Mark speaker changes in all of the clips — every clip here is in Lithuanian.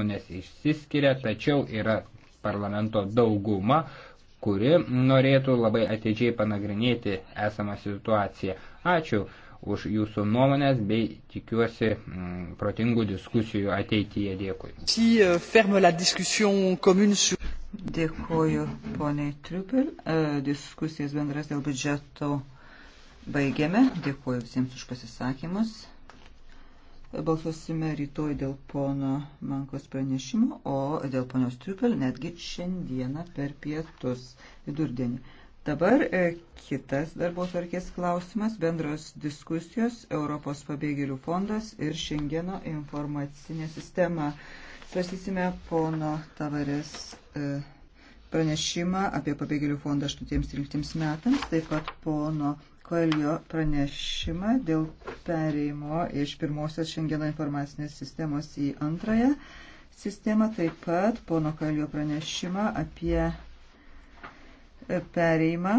Speaker 1: nuomonės išsiskiria, tačiau yra parlamento dauguma, kuri norėtų labai atidžiai panagrinėti esamą situaciją. Ačiū už jūsų nuomonės bei tikiuosi m, mm, protingų diskusijų ateityje. Dėkui.
Speaker 2: E, Dėkuoju, poniai Triupel. E, diskusijas bendras dėl biudžeto baigiame. Dėkuoju visiems už pasisakymus. Balsuosime rytoj dėl pono Mankos pranešimo, o dėl ponios Triupel netgi šiandieną per pietus vidurdienį. Dabar e, kitas darbo tvarkės klausimas - bendros diskusijos Europos pabėgėlių fondas ir Šengeno informacinė sistema. Svarstysime pono Tavarės e, pranešimą apie pabėgėlių fondą 8-13 metams, taip pat pono Koelio pranešimą dėl pereimo iš pirmosios šiandieno informacinės sistemos į antrąją sistemą, taip pat pono Koelio pranešimą apie e, pereimą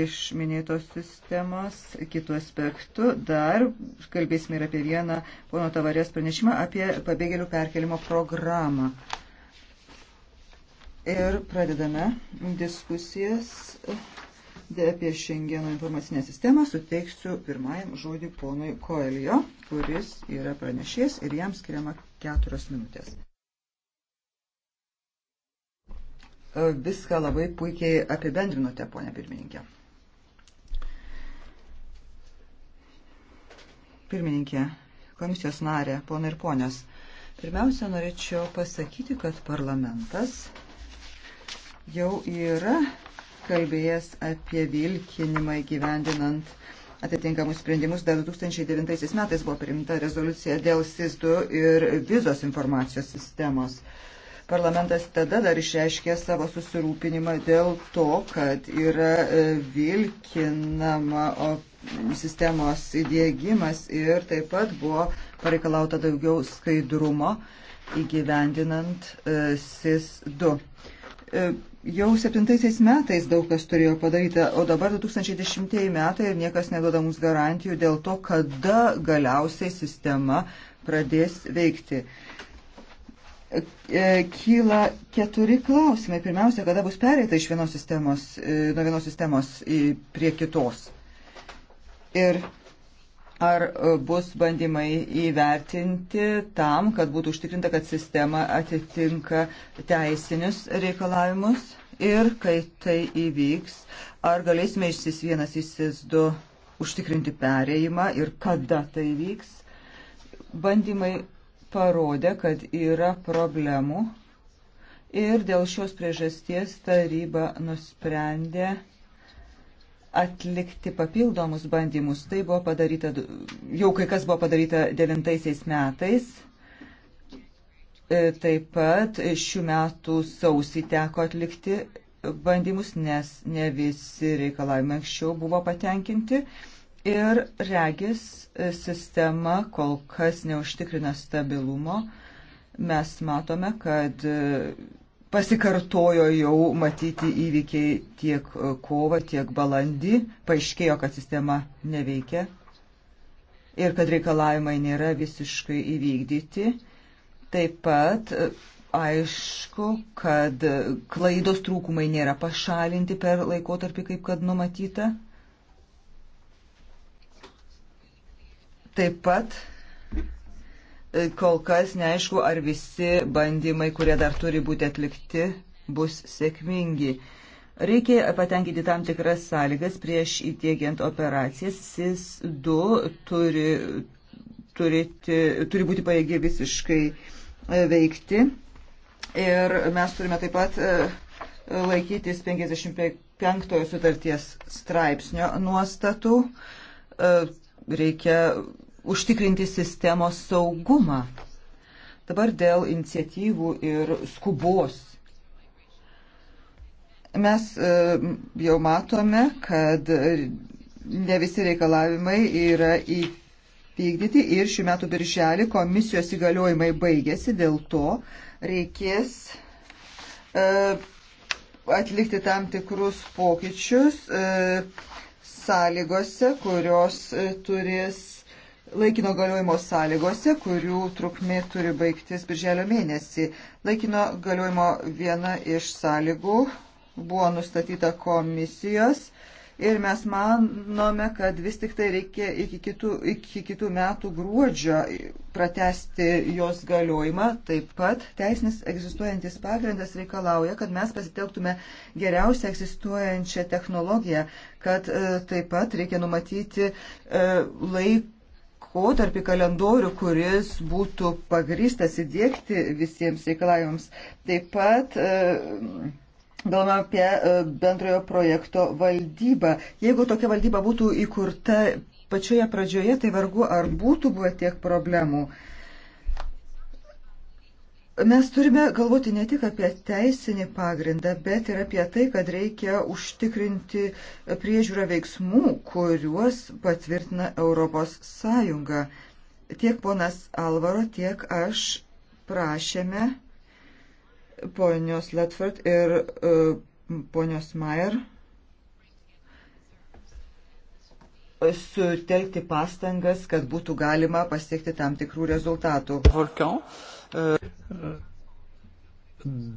Speaker 2: iš minėtos sistemos kitų aspektų. Dar kalbėsime ir apie vieną pono Tavarės pranešimą apie pabėgėlių perkelimo programą. Ir pradedame diskusijas apie Šengeno informacinę sistemą suteiksiu pirmajam žodį ponui Koelio, kuris yra pranešės ir jam skiriama keturios minutės. E, viską labai puikiai apibendrinote, ponė pirmininkė. Pirmininkė, komisijos narė, ponai ir ponės. Pirmiausia, norėčiau pasakyti, kad parlamentas jau yra kalbėjęs apie vilkinimą įgyvendinant atitinkamus sprendimus. Dar 2009 metais buvo priimta rezoliucija dėl SIS-2 ir vizos informacijos sistemos. Parlamentas tada dar išreiškė savo susirūpinimą dėl to, kad yra e, vilkinama sistemos įdėgymas ir taip pat buvo pareikalauta daugiau skaidrumo įgyvendinant e, SIS-2. Jau septintaisiais metais daug kas turėjo padaryta, o dabar 2010 metai ir niekas neduoda mums garantijų dėl to, kada galiausiai sistema pradės veikti. E, kyla keturi klausimai. Pirmiausia, kada bus pereita iš vienos sistemos, e, nuo vienos sistemos prie kitos. Ir ar e, bus bandymai įvertinti tam, kad būtų užtikrinta, kad sistema atitinka teisinius reikalavimus ir kai tai įvyks, ar galėsime iš SIS 1 į SIS 2 užtikrinti perėjimą ir kada tai vyks. Bandymai parodė, kad yra problemų ir dėl šios priežasties taryba nusprendė atlikti papildomus bandymus. Tai buvo padaryta, jau kai kas buvo padaryta devintaisiais metais E, taip pat šių metų sausį teko atlikti bandymus, nes ne visi reikalavimai anksčiau buvo patenkinti. Ir regis e, sistema kol kas neužtikrina stabilumo. Mes matome, kad e, pasikartojo jau matyti įvykiai tiek kovą, tiek balandį. Paaiškėjo, kad sistema neveikia ir kad reikalavimai nėra visiškai įvykdyti Taip pat e, aišku, kad klaidos trūkumai nėra pašalinti per laikotarpį, kaip kad numatyta. Taip pat e, kol kas neaišku, ar visi bandymai, kurie dar turi būti atlikti, bus sėkmingi. Reikia patenkinti tam tikras sąlygas prieš įtiekiant operacijas. SIS-2 turi, turėti, turi būti paėgi visiškai uh, E, veikti. Ir mes turime taip pat e, laikytis 55 sutarties straipsnio nuostatų. E, reikia užtikrinti sistemos saugumą. Dabar dėl iniciatyvų ir skubos. Mes jau matome, kad ne visi reikalavimai yra įtikinti vykdyti ir šių metų birželį komisijos įgaliojimai baigėsi, dėl to reikės e, atlikti tam tikrus pokyčius e, sąlygose, kurios e, turės laikino galiojimo sąlygose, kurių trukmė turi baigtis birželio mėnesį. Laikino galiojimo viena iš sąlygų buvo nustatyta komisijos ir mes manome, kad vis tik tai reikia iki kitų, iki kitų metų gruodžio pratesti jos galiojimą. Taip pat teisinis egzistuojantis pagrindas reikalauja, kad mes pasitelktume geriausią egzistuojančią technologiją, kad e, taip pat reikia numatyti e, laiką laikotarpį kalendorių, kuris būtų pagristas įdėkti visiems reikalavimams. Taip pat e, Galvojame apie e, bendrojo projekto valdybą. Jeigu tokia valdyba būtų įkurta pačioje pradžioje, tai vargu ar būtų buvę tiek problemų. Mes turime galvoti ne tik apie teisinį pagrindą, bet ir apie tai, kad reikia užtikrinti priežiūrą veiksmų, kuriuos patvirtina Europos Sąjunga. Tiek ponas Alvaro, tiek aš prašėme ponios Letford ir uh, ponios Mayer sutelkti pastangas, kad būtų galima pasiekti tam tikrų rezultatų. Volkan. E,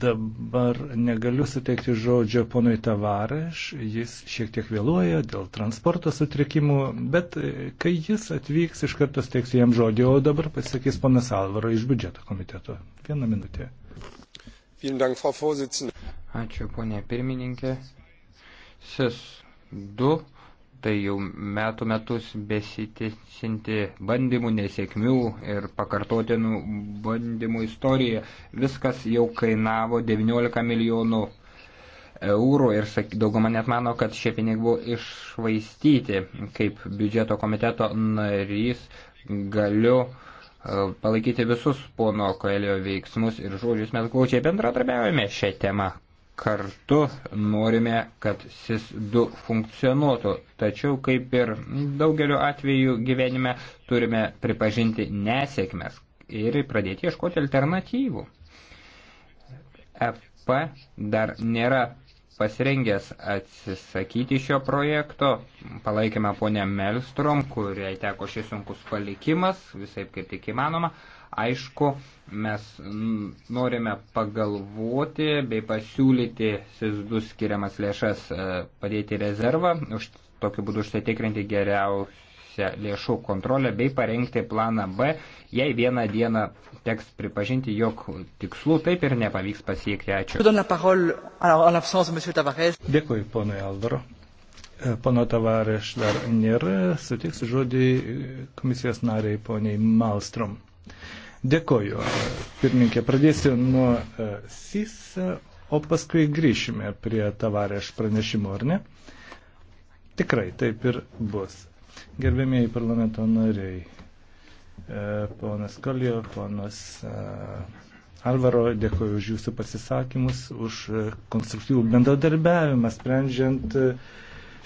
Speaker 3: dabar negaliu suteikti žodžio ponui Tavareš, jis šiek tiek vėluoja dėl transporto sutrikimų, bet e, kai jis atvyks, iš karto steiksiu jam žodį, o dabar pasakys ponas Alvaro iš biudžeto komiteto. Vieną minutę.
Speaker 1: Ačiū, ponė pirmininkė. SIS 2, tai jau metų metus besitisinti bandymų nesėkmių ir pakartotinų bandymų istorija. Viskas jau kainavo 19 milijonų eurų ir dauguma net mano, kad šie pinigai buvo išvaistyti. Kaip biudžeto komiteto narys galiu uh, E, palaikyti visus pono Koelio veiksmus ir žodžius. Mes glaučiai bendradarbiavome šią temą. Kartu norime, kad SIS-2 funkcionuotų, tačiau kaip ir daugeliu atveju gyvenime turime pripažinti nesėkmes ir pradėti ieškoti alternatyvų. EP dar nėra pasirengęs atsisakyti šio projekto. Palaikėme ponę Melstrom, kuriai teko šis sunkus palikimas, visai kaip tik įmanoma. Aišku, mes norime pagalvoti bei pasiūlyti SIS2 skiriamas lėšas e, padėti rezervą, už, tokiu būdu užsitikrinti geriausią geriausią lėšų kontrolę bei parengti planą B, jei vieną dieną teks pripažinti, jog tikslų taip ir nepavyks pasiekti. Ačiū.
Speaker 3: Dėkui, ponai Alvaro. E, pono Tavareš dar nėra, sutiks žodį komisijos nariai poniai Malstrom. Dėkoju. Pirminkė, pradėsiu nuo e, SIS, o paskui grįšime prie Tavareš pranešimo, ar ne? Tikrai taip ir bus. Gerbėmėjai parlamento nariai, e, ponas Kolio, ponas e, Alvaro, dėkoju už jūsų pasisakymus, už e, konstruktyvų bendradarbiavimą, sprendžiant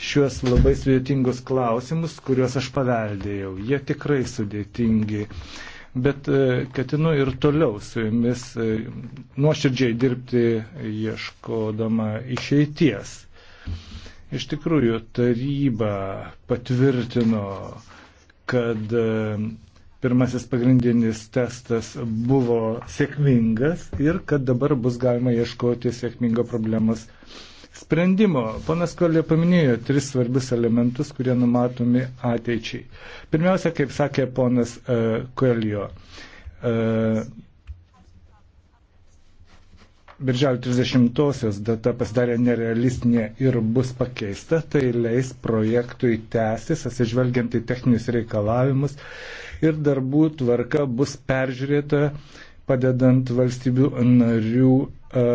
Speaker 3: šiuos labai sudėtingus klausimus, kuriuos aš paveldėjau. Jie tikrai sudėtingi bet ketinu ir toliau su jumis nuoširdžiai dirbti ieškodama išeities. Iš tikrųjų, taryba patvirtino, kad e, pirmasis pagrindinis testas buvo sėkmingas ir kad dabar bus galima ieškoti sėkmingo problemos sprendimo. Ponas Kolė paminėjo tris svarbius elementus, kurie numatomi ateičiai. Pirmiausia, kaip sakė ponas uh, Kolio, uh, birželio 30-osios data pasidarė nerealistinė ir bus pakeista, tai leis projektui tęsis, atsižvelgiant į techninius reikalavimus ir darbų tvarka bus peržiūrėta, padedant valstybių narių e,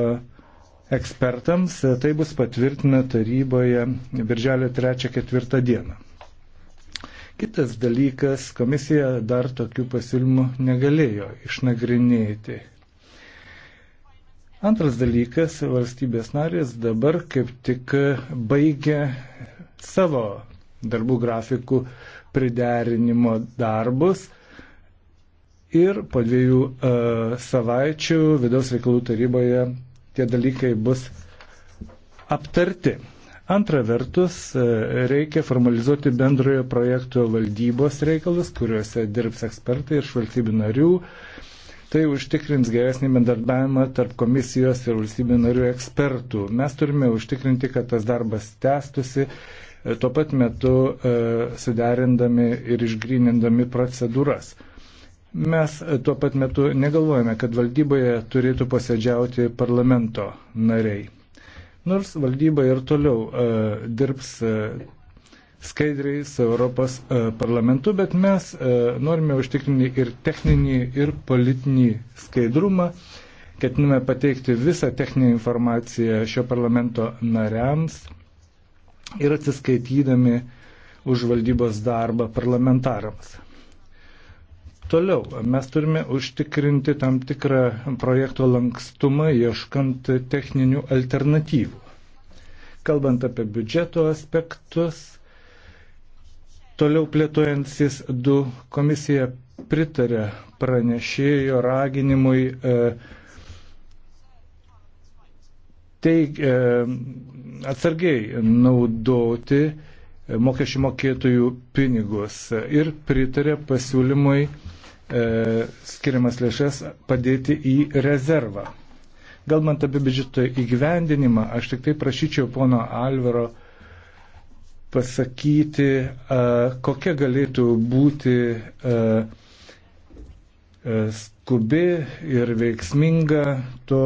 Speaker 3: ekspertams. Tai bus patvirtina taryboje birželio 3-4 dieną. Kitas dalykas, komisija dar tokių pasiūlymų negalėjo išnagrinėti. Antras dalykas, valstybės narės dabar kaip tik baigia savo darbų grafikų priderinimo darbus ir po dviejų uh, savaičių vidaus reikalų taryboje tie dalykai bus aptarti. Antra vertus, e, reikia formalizuoti bendrojo projekto valdybos reikalus, kuriuose dirbs ekspertai iš valstybių narių, uh, Tai užtikrins geresnį bendarbiavimą tarp komisijos ir valstybių narių ekspertų. Mes turime užtikrinti, kad tas darbas tęstusi, e, tuo pat metu e, suderindami ir išgrynindami procedūras. Mes e, tuo pat metu negalvojame, kad valdyboje turėtų posėdžiauti parlamento nariai. Nors valdyba ir toliau uh, dirbs uh, skaidriai su Europos e, parlamentu, bet mes e, norime užtikrinti ir techninį, ir politinį skaidrumą. Ketiname pateikti visą techninę informaciją šio parlamento nariams ir atsiskaitydami už valdybos darbą parlamentarams. Toliau mes turime užtikrinti tam tikrą projekto lankstumą, ieškant techninių alternatyvų. Kalbant apie biudžeto aspektus, Toliau plėtojant SIS 2 komisija pritarė pranešėjo raginimui e, teik, e, atsargiai naudoti mokesčių mokėtojų pinigus ir pritarė pasiūlymui e, skiriamas lėšas padėti į rezervą. Galbant apie biudžeto įgyvendinimą, aš tik tai prašyčiau pono Alvaro e, pasakyti, kokia galėtų būti skubi ir veiksminga to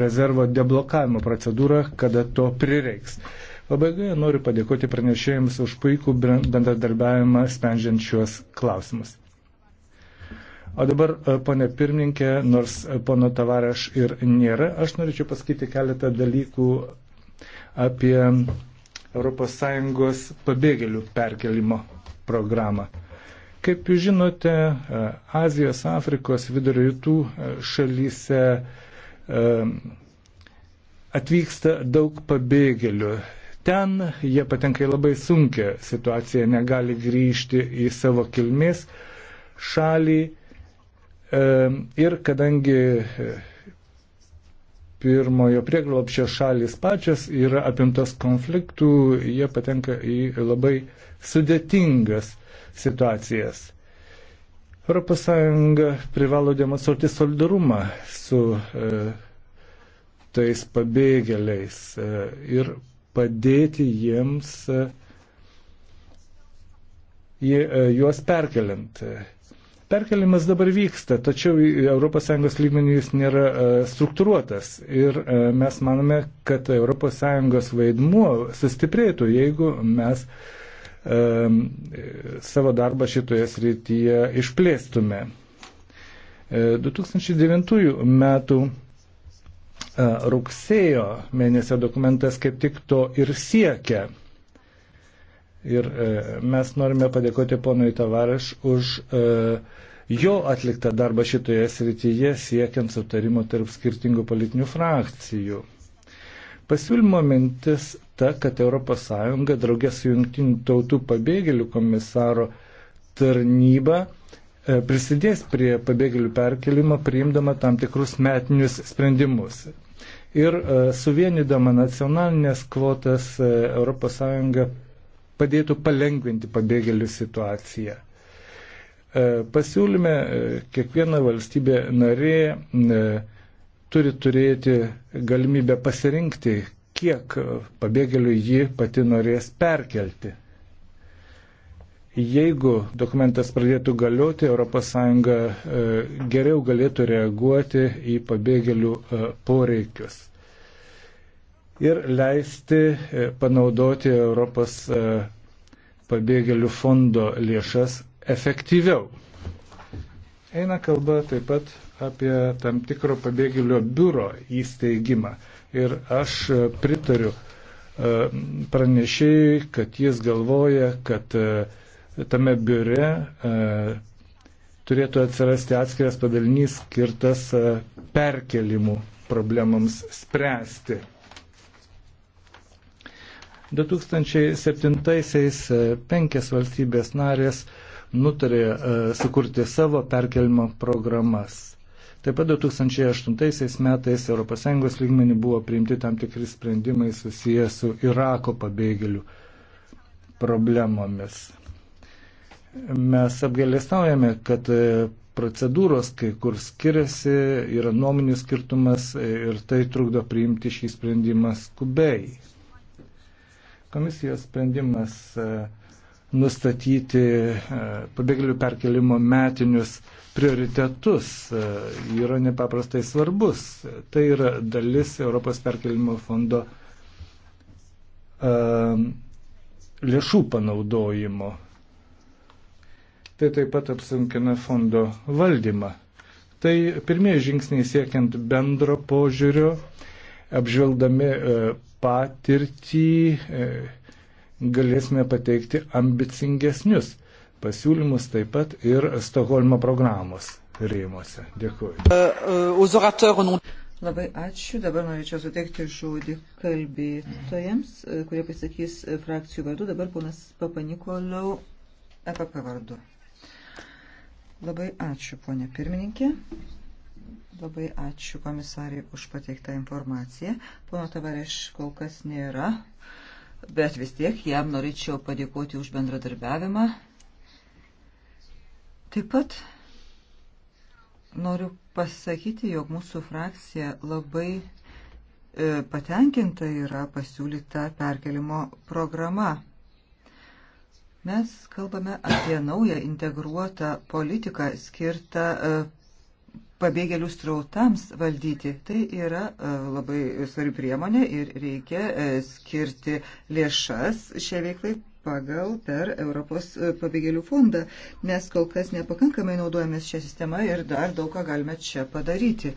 Speaker 3: rezervo deblokavimo procedūra, kada to prireiks. Pabaigoje noriu padėkoti pranešėjams už puikų bendradarbiavimą sprendžiant šiuos klausimus. O dabar, ponė pirmininkė, nors pono Tavareš ir nėra, aš norėčiau pasakyti keletą dalykų apie ES pabėgėlių perkelimo programą. Kaip jūs žinote, e, Azijos, Afrikos, vidurio rytų e, šalyse e, atvyksta daug pabėgėlių. Ten jie patenka į labai sunkę situaciją, negali grįžti į savo kilmės šalį. Ir kadangi pirmojo prieglopščio šalis pačios yra apimtos konfliktų, jie patenka į labai sudėtingas situacijas. ES privalo demonstruoti solidarumą su e, tais pabėgėliais e, ir padėti jiems e, e juos perkeliant. E, Perkelimas dabar vyksta, tačiau ES lygmenį jis nėra e, struktūruotas ir e, mes manome, kad ES vaidmuo sustiprėtų, jeigu mes e, savo darbą šitoje srityje išplėstume. 2009 metų rugsėjo mėnesio dokumentas kaip tik to ir siekia. Ir e, mes norime padėkoti ponui Tavariš už e, jo atliktą darbą šitoje srityje siekiant sutarimo tarp skirtingų politinių frakcijų. Pasiūlymo mintis ta, kad ES draugės su jungtinių tautų pabėgėlių komisaro tarnyba e, prisidės prie pabėgėlių perkelimo priimdama tam tikrus metinius sprendimus. Ir suvienydama nacionalinės kvotas ES padėtų palengvinti pabėgėlių situaciją. E, pasiūlyme e, kiekviena valstybė narė e, turi turėti galimybę pasirinkti, kiek pabėgėlių ji pati norės perkelti. Jeigu dokumentas pradėtų galioti, ES geriau galėtų reaguoti į pabėgėlių poreikius ir leisti e, panaudoti Europos e, pabėgėlių fondo lėšas efektyviau. Eina kalba taip pat apie tam tikro pabėgėlio biuro įsteigimą. Ir aš e, pritariu pranešėjai, kad jis galvoja, kad tame biure turėtų atsirasti atskiras padalinys skirtas perkelimų problemams spręsti. 2007-aisiais e, penkias valstybės narės nutarė e, sukurti savo perkelimo programas. Taip pat 2008 metais ES lygmenį buvo priimti tam tikri sprendimai susiję su Irako pabėgėlių problemomis. Mes apgailestaujame, kad e, procedūros kai kur skiriasi, yra nuomonių skirtumas ir tai trukdo priimti šį sprendimą skubiai. Komisijos sprendimas e, nustatyti e, pabėgėlių perkelimo metinius prioritetus e, yra nepaprastai svarbus. Tai yra dalis Europos perkelimo fondo lėšų panaudojimo. Tai taip pat apsunkina fondo valdymą. Tai pirmieji žingsniai siekiant bendro požiūrio, apžvelgdami patirtį e, galėsime pateikti ambicingesnius pasiūlymus taip pat ir Stokholmo programos rėmose. Dėkuoju. E,
Speaker 2: e, nu- Labai ačiū. Dabar norėčiau suteikti žodį kalbėtojams, kurie pasakys frakcijų vardu. Dabar ponas Papanikoliau EPP vardu. Labai ačiū, ponė pirmininkė. Labai ačiū komisariai už pateiktą informaciją. Pono Tavareš kol kas nėra, bet vis tiek jam norėčiau padėkoti už bendradarbiavimą. Taip pat noriu pasakyti, jog mūsų frakcija labai e, patenkinta yra pasiūlyta perkelimo programa. Mes kalbame apie naują integruotą politiką skirtą e, pabėgėlių strautams valdyti. Tai yra e, labai svarbi priemonė ir reikia e, skirti lėšas šiai veiklai pagal per Europos e, pabėgėlių fondą. Mes kol kas nepakankamai naudojamės šią sistemą ir dar daug ką galime čia padaryti.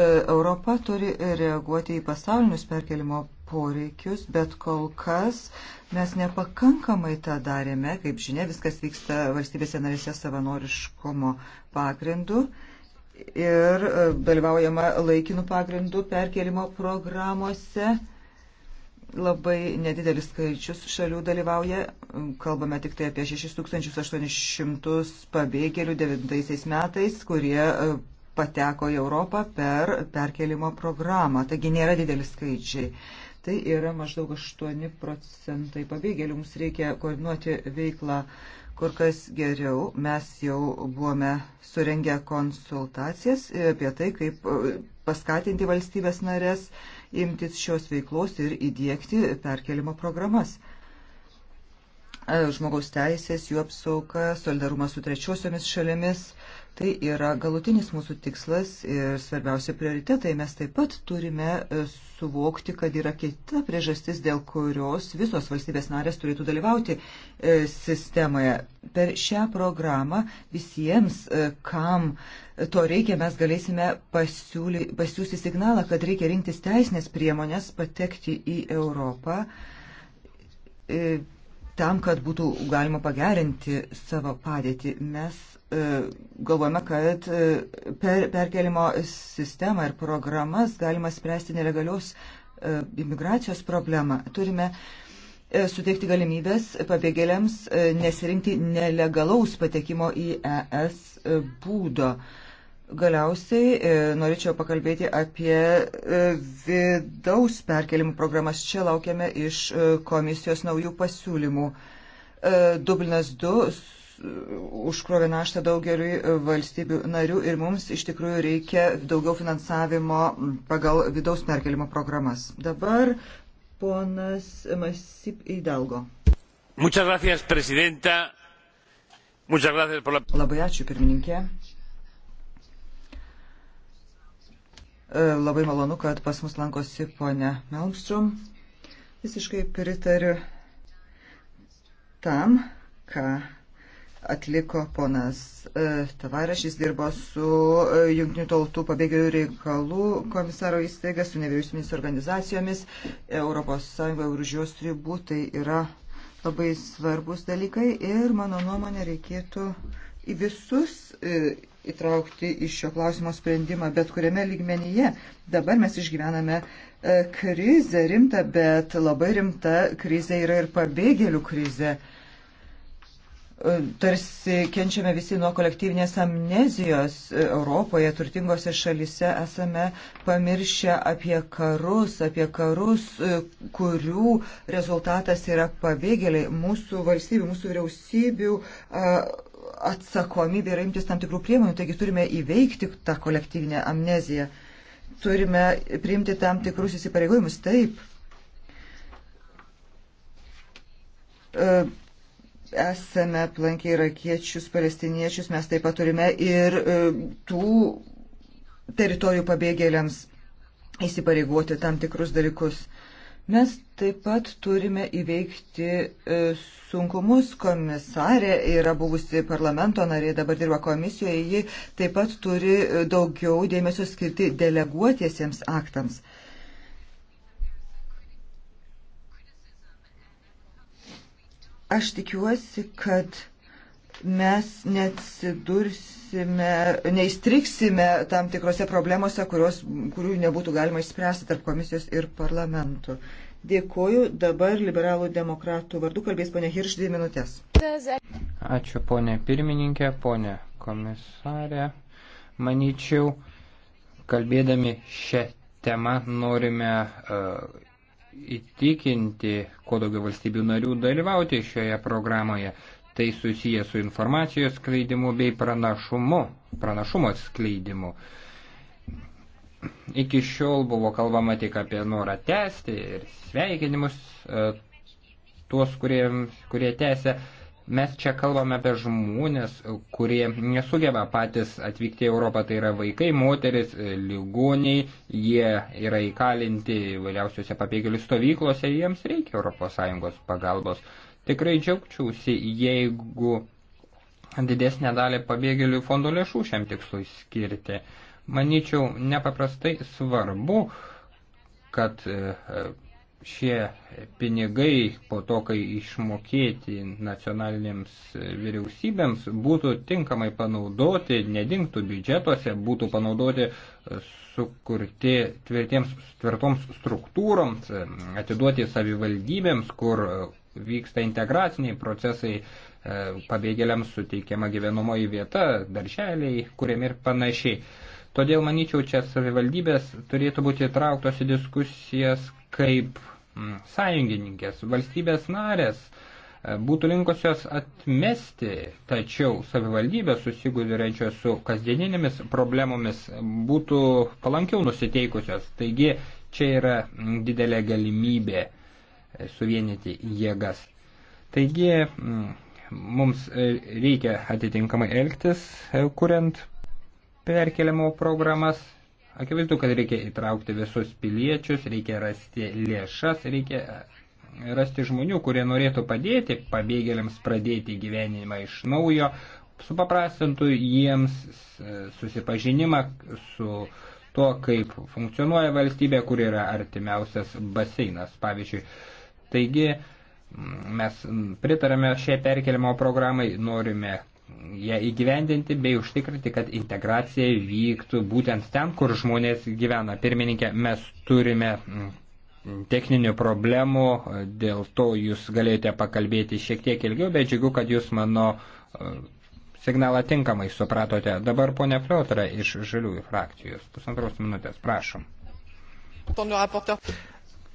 Speaker 2: Europa turi reaguoti į pasaulinius perkelimo poreikius, bet kol kas mes nepakankamai tą darėme. Kaip žinia, viskas vyksta valstybėse narėse savanoriškumo pagrindu ir e, dalyvaujama laikinų pagrindų perkelimo programuose. Labai nedidelis skaičius šalių dalyvauja, kalbame tik tai apie 6800 pabėgėlių 9 metais, kurie e, pateko į Europą per perkelimo programą. Taigi nėra dideli skaičiai. Tai yra maždaug 8 procentai pabėgėlių. Mums reikia koordinuoti veiklą kur kas geriau. Mes jau buvome surengę konsultacijas apie tai, kaip paskatinti valstybės narės imtis šios veiklos ir įdėkti perkelimo programas žmogaus teisės, jų apsauga, solidarumas su trečiosiomis šalimis, Tai yra galutinis mūsų tikslas ir svarbiausia prioritetai. Mes taip pat turime e, suvokti, kad yra kita priežastis, dėl kurios visos valstybės narės turėtų dalyvauti e, sistemoje. Per šią programą visiems, e, kam to reikia, mes galėsime pasiūly, pasiūsti signalą, kad reikia rinktis teisinės priemonės patekti į Europą tam, kad būtų galima pagerinti savo padėtį. Mes E, galvojame, kad e, per perkelimo sistemą ir programas galima spręsti nelegalios e, imigracijos problemą. Turime suteikti galimybės pabėgėliams nesirinkti nelegalaus patekimo į ES būdo. Galiausiai norėčiau pakalbėti apie vidaus perkelimų programas. Čia laukiame iš komisijos naujų pasiūlymų. Dublinas 2 užkrovė naštą daugeliui e, valstybių narių ir mums iš tikrųjų reikia daugiau finansavimo pagal vidaus perkelimo programas. Dabar ponas Masip Hidalgo.
Speaker 1: Muchas gracias, presidenta. Muchas gracias por
Speaker 2: la... Labai ačiū, pirmininkė. E, labai malonu, kad pas mus lankosi ponia Melmstrom. Visiškai pritariu tam, ką atliko ponas e, Tavarašys, dirbo su e, Junktinių tautų pabėgėlių reikalų komisaro įstaiga, su nevyriausybinis organizacijomis, ES ir už jos ribų. Tai yra labai svarbus dalykai ir mano nuomonė reikėtų į visus e, įtraukti iš šio klausimo sprendimą, bet kuriame lygmenyje. Dabar mes išgyvename krizę rimtą, bet labai rimta krizė yra ir pabėgėlių krizė. E, tarsi kenčiame visi nuo kolektyvinės amnezijos e, Europoje, turtingose šalise esame pamiršę apie karus, apie karus, e, kurių rezultatas yra pabėgėliai mūsų valstybių, mūsų vyriausybių atsakomybė yra imtis tam tikrų priemonių, taigi turime įveikti tą kolektyvinę amneziją, turime priimti tam tikrus įsipareigojimus, taip. E, esame aplankę irakiečius, palestiniečius, mes taip pat turime ir e, tų teritorijų pabėgėliams įsipareigoti tam tikrus dalykus. Mes taip pat turime įveikti e, sunkumus. Komisarė yra buvusi parlamento narė, dabar dirba komisijoje. Ji taip pat turi e, daugiau dėmesio skirti deleguotiesiems aktams. Aš tikiuosi, kad mes neatsidursime, neįstriksime tam tikrose problemose, kurios, kurių nebūtų galima išspręsti tarp komisijos ir parlamentų. Dėkuoju. Dabar liberalų demokratų vardu kalbės ponė Hirš dvi minutės.
Speaker 1: Ačiū ponė pirmininkė, ponė komisarė. Manyčiau, kalbėdami šią temą norime uh, įtikinti kuo daugiau valstybių narių dalyvauti šioje programoje. Tai susiję su informacijos skleidimu bei pranašumu, pranašumo skleidimu. Iki šiol buvo kalbama tik apie norą tęsti ir sveikinimus e, tuos, kurie, kurie tęsia Mes čia kalbame apie žmonės, kurie nesugeba patys atvykti į Europą, tai yra vaikai, moteris, ligoniai, jie yra įkalinti įvairiausiuose pabėgėlių stovyklose, jiems reikia ES pagalbos. Tikrai džiaugčiausi, jeigu didesnę dalį pabėgėlių fondo lėšų šiam tikslui skirti. Maničiau, nepaprastai svarbu, kad e, šie pinigai po to, kai išmokėti nacionalinėms vyriausybėms, būtų tinkamai panaudoti, nedingtų biudžetuose, būtų panaudoti sukurti tvirtiems, tvirtoms struktūroms, atiduoti savivaldybėms, kur vyksta integraciniai procesai, e, pabėgėliams suteikiama gyvenamoji vieta, darželiai, kuriam ir panašiai. Todėl, manyčiau, čia savivaldybės turėtų būti įtrauktos į diskusijas, kaip Mm, sąjungininkės, valstybės narės e, būtų linkusios atmesti, tačiau savivaldybės susigūduriančios su kasdieninėmis problemomis būtų palankiau nusiteikusios. Taigi čia yra didelė galimybė e, suvienyti jėgas. Taigi mm, mums e, reikia atitinkamai elgtis, kuriant perkeliamo programas Akivaizdu, kad reikia įtraukti visus piliečius, reikia rasti lėšas, reikia rasti žmonių, kurie norėtų padėti pabėgėliams pradėti gyvenimą iš naujo, supaprastintų jiems susipažinimą su to, kaip funkcionuoja valstybė, kur yra artimiausias baseinas, pavyzdžiui. Taigi, mm, mes pritarame šiai perkeliamo programai, norime, ją įgyvendinti bei užtikrinti, kad integracija vyktų būtent ten, kur žmonės gyvena. Pirmininkė, mes turime mm, techninių problemų, dėl to jūs galėjote pakalbėti šiek tiek ilgiau, bet džiugu, kad jūs mano e, signalą tinkamai supratote. Dabar ponia Fliotra iš Žaliųjų frakcijos. Pusantros minutės,
Speaker 3: prašom.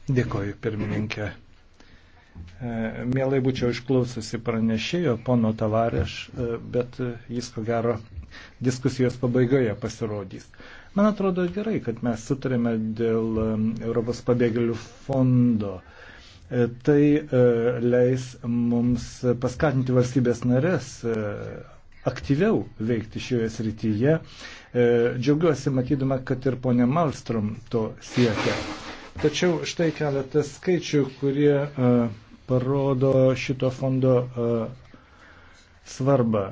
Speaker 3: Dėkoju, pirmininkė. Mm -hmm. E, mielai būčiau išklaususi pranešėjo pono Tavarėš, e, bet e, jis ko gero diskusijos pabaigoje pasirodys. Man atrodo gerai, kad mes sutarėme dėl Europos pabėgėlių fondo. Tai leis mums paskatinti valstybės narės aktyviau veikti šioje srityje. Džiaugiuosi matydama, kad ir ponė Malstrom to siekia. Tačiau štai keletas skaičių, kurie uh, parodo šito fondo e, svarbą.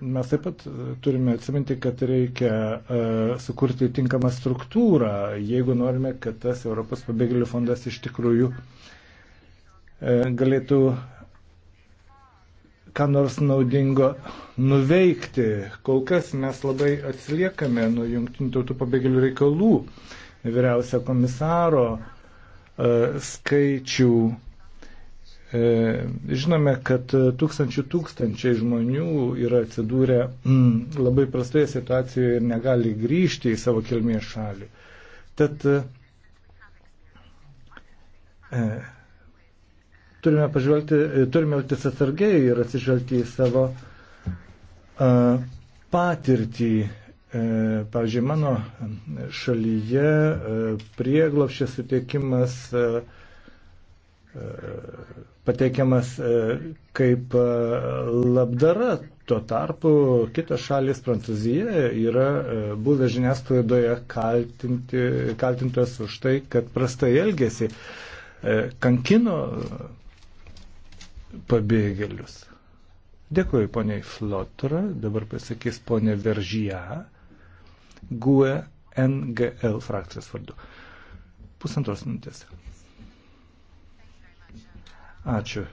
Speaker 3: Mes taip pat e, turime atsiminti, kad reikia uh, sukurti tinkamą struktūrą, jeigu norime, kad tas Europos pabėgėlių fondas iš tikrųjų uh, galėtų ką nors naudingo nuveikti. Kol kas mes labai atsiliekame nuo jungtinių tautų pabėgėlių reikalų uh, vyriausio komisaro e, skaičių. E, žinome, kad tūkstančių tūkstančiai žmonių yra atsidūrę mm, labai prastoje situacijoje ir negali grįžti į savo kilmės šalį. Tad e, turime pažvelgti, turime elgtis atsargiai ir atsižvelgti į savo a, e, patirtį E, pavyzdžiui, mano šalyje e, prieglopščio suteikimas e, pateikiamas kaip labdara. Tuo tarpu kitos šalis, Prancūzija, yra buvę žiniasklaidoje kaltinti, kaltintos už tai, kad prastai elgėsi, kankino pabėgėlius. Dėkuoju poniai Flotra, dabar pasakys ponė Veržyje. GUE NGL frakcijos vardu. Pusantros minutės. Ačiū.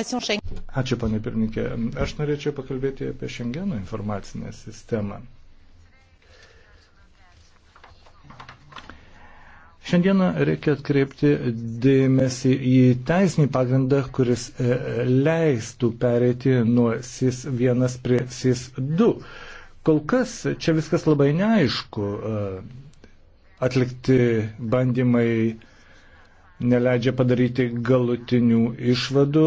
Speaker 1: Ačiū,
Speaker 3: panė pirmininkė. Aš norėčiau pakalbėti apie Šengeno informacinę sistemą. Šiandieną reikia atkreipti dėmesį į teisinį pagrindą, kuris e, leistų pereiti nuo SIS 1 prie SIS 2. Kol kas čia viskas labai neaišku. Atlikti bandymai neleidžia padaryti galutinių išvadų.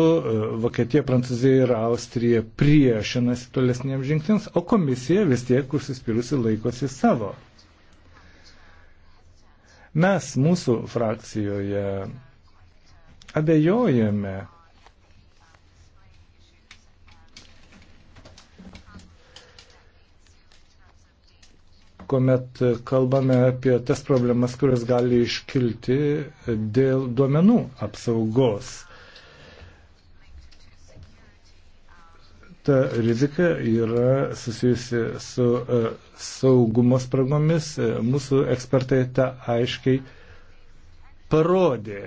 Speaker 3: Vokietija, Prancūzija ir Austrija priešinasi tolesniems žingsniams, o komisija vis tiek užsispyrusi laikosi savo. Mes mūsų frakcijoje abejojame, kuomet kalbame apie tas problemas, kurias gali iškilti dėl duomenų apsaugos. Ta rizika yra susijusi su e, saugumo spragomis. E, mūsų ekspertai tą aiškiai parodė.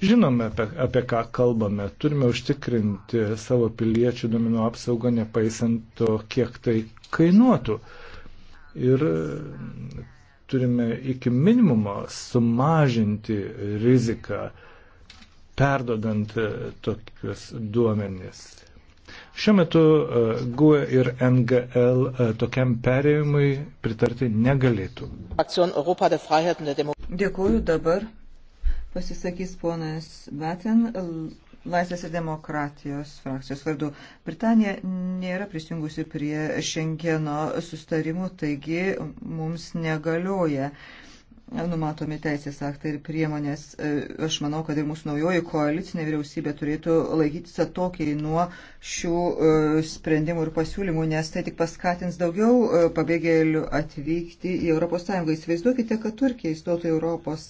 Speaker 3: Žinome, apie, apie ką kalbame. Turime užtikrinti savo piliečių duomenų apsaugą, nepaisant to, kiek tai kainuotų. Uh, ir e, turime iki minimumo sumažinti riziką perdodant e, tokius duomenis. Šiuo metu GUE e ir NGL tokiam perėjimui pritarti negalėtų.
Speaker 2: Dėkuoju dabar. Pasisakys ponas Batten, Laisvės ir demokratijos frakcijos vardu. Britanija nėra prisijungusi prie Šengeno sustarimų, taigi mums negalioja numatomi teisės aktai ir priemonės. Aš manau, kad ir mūsų naujoji koalicinė vyriausybė turėtų laikytis atokiai nuo šių e, sprendimų ir pasiūlymų, nes tai tik paskatins daugiau e, pabėgėlių atvykti į ES. Įsivaizduokite, kad Turkija įstotų į ES.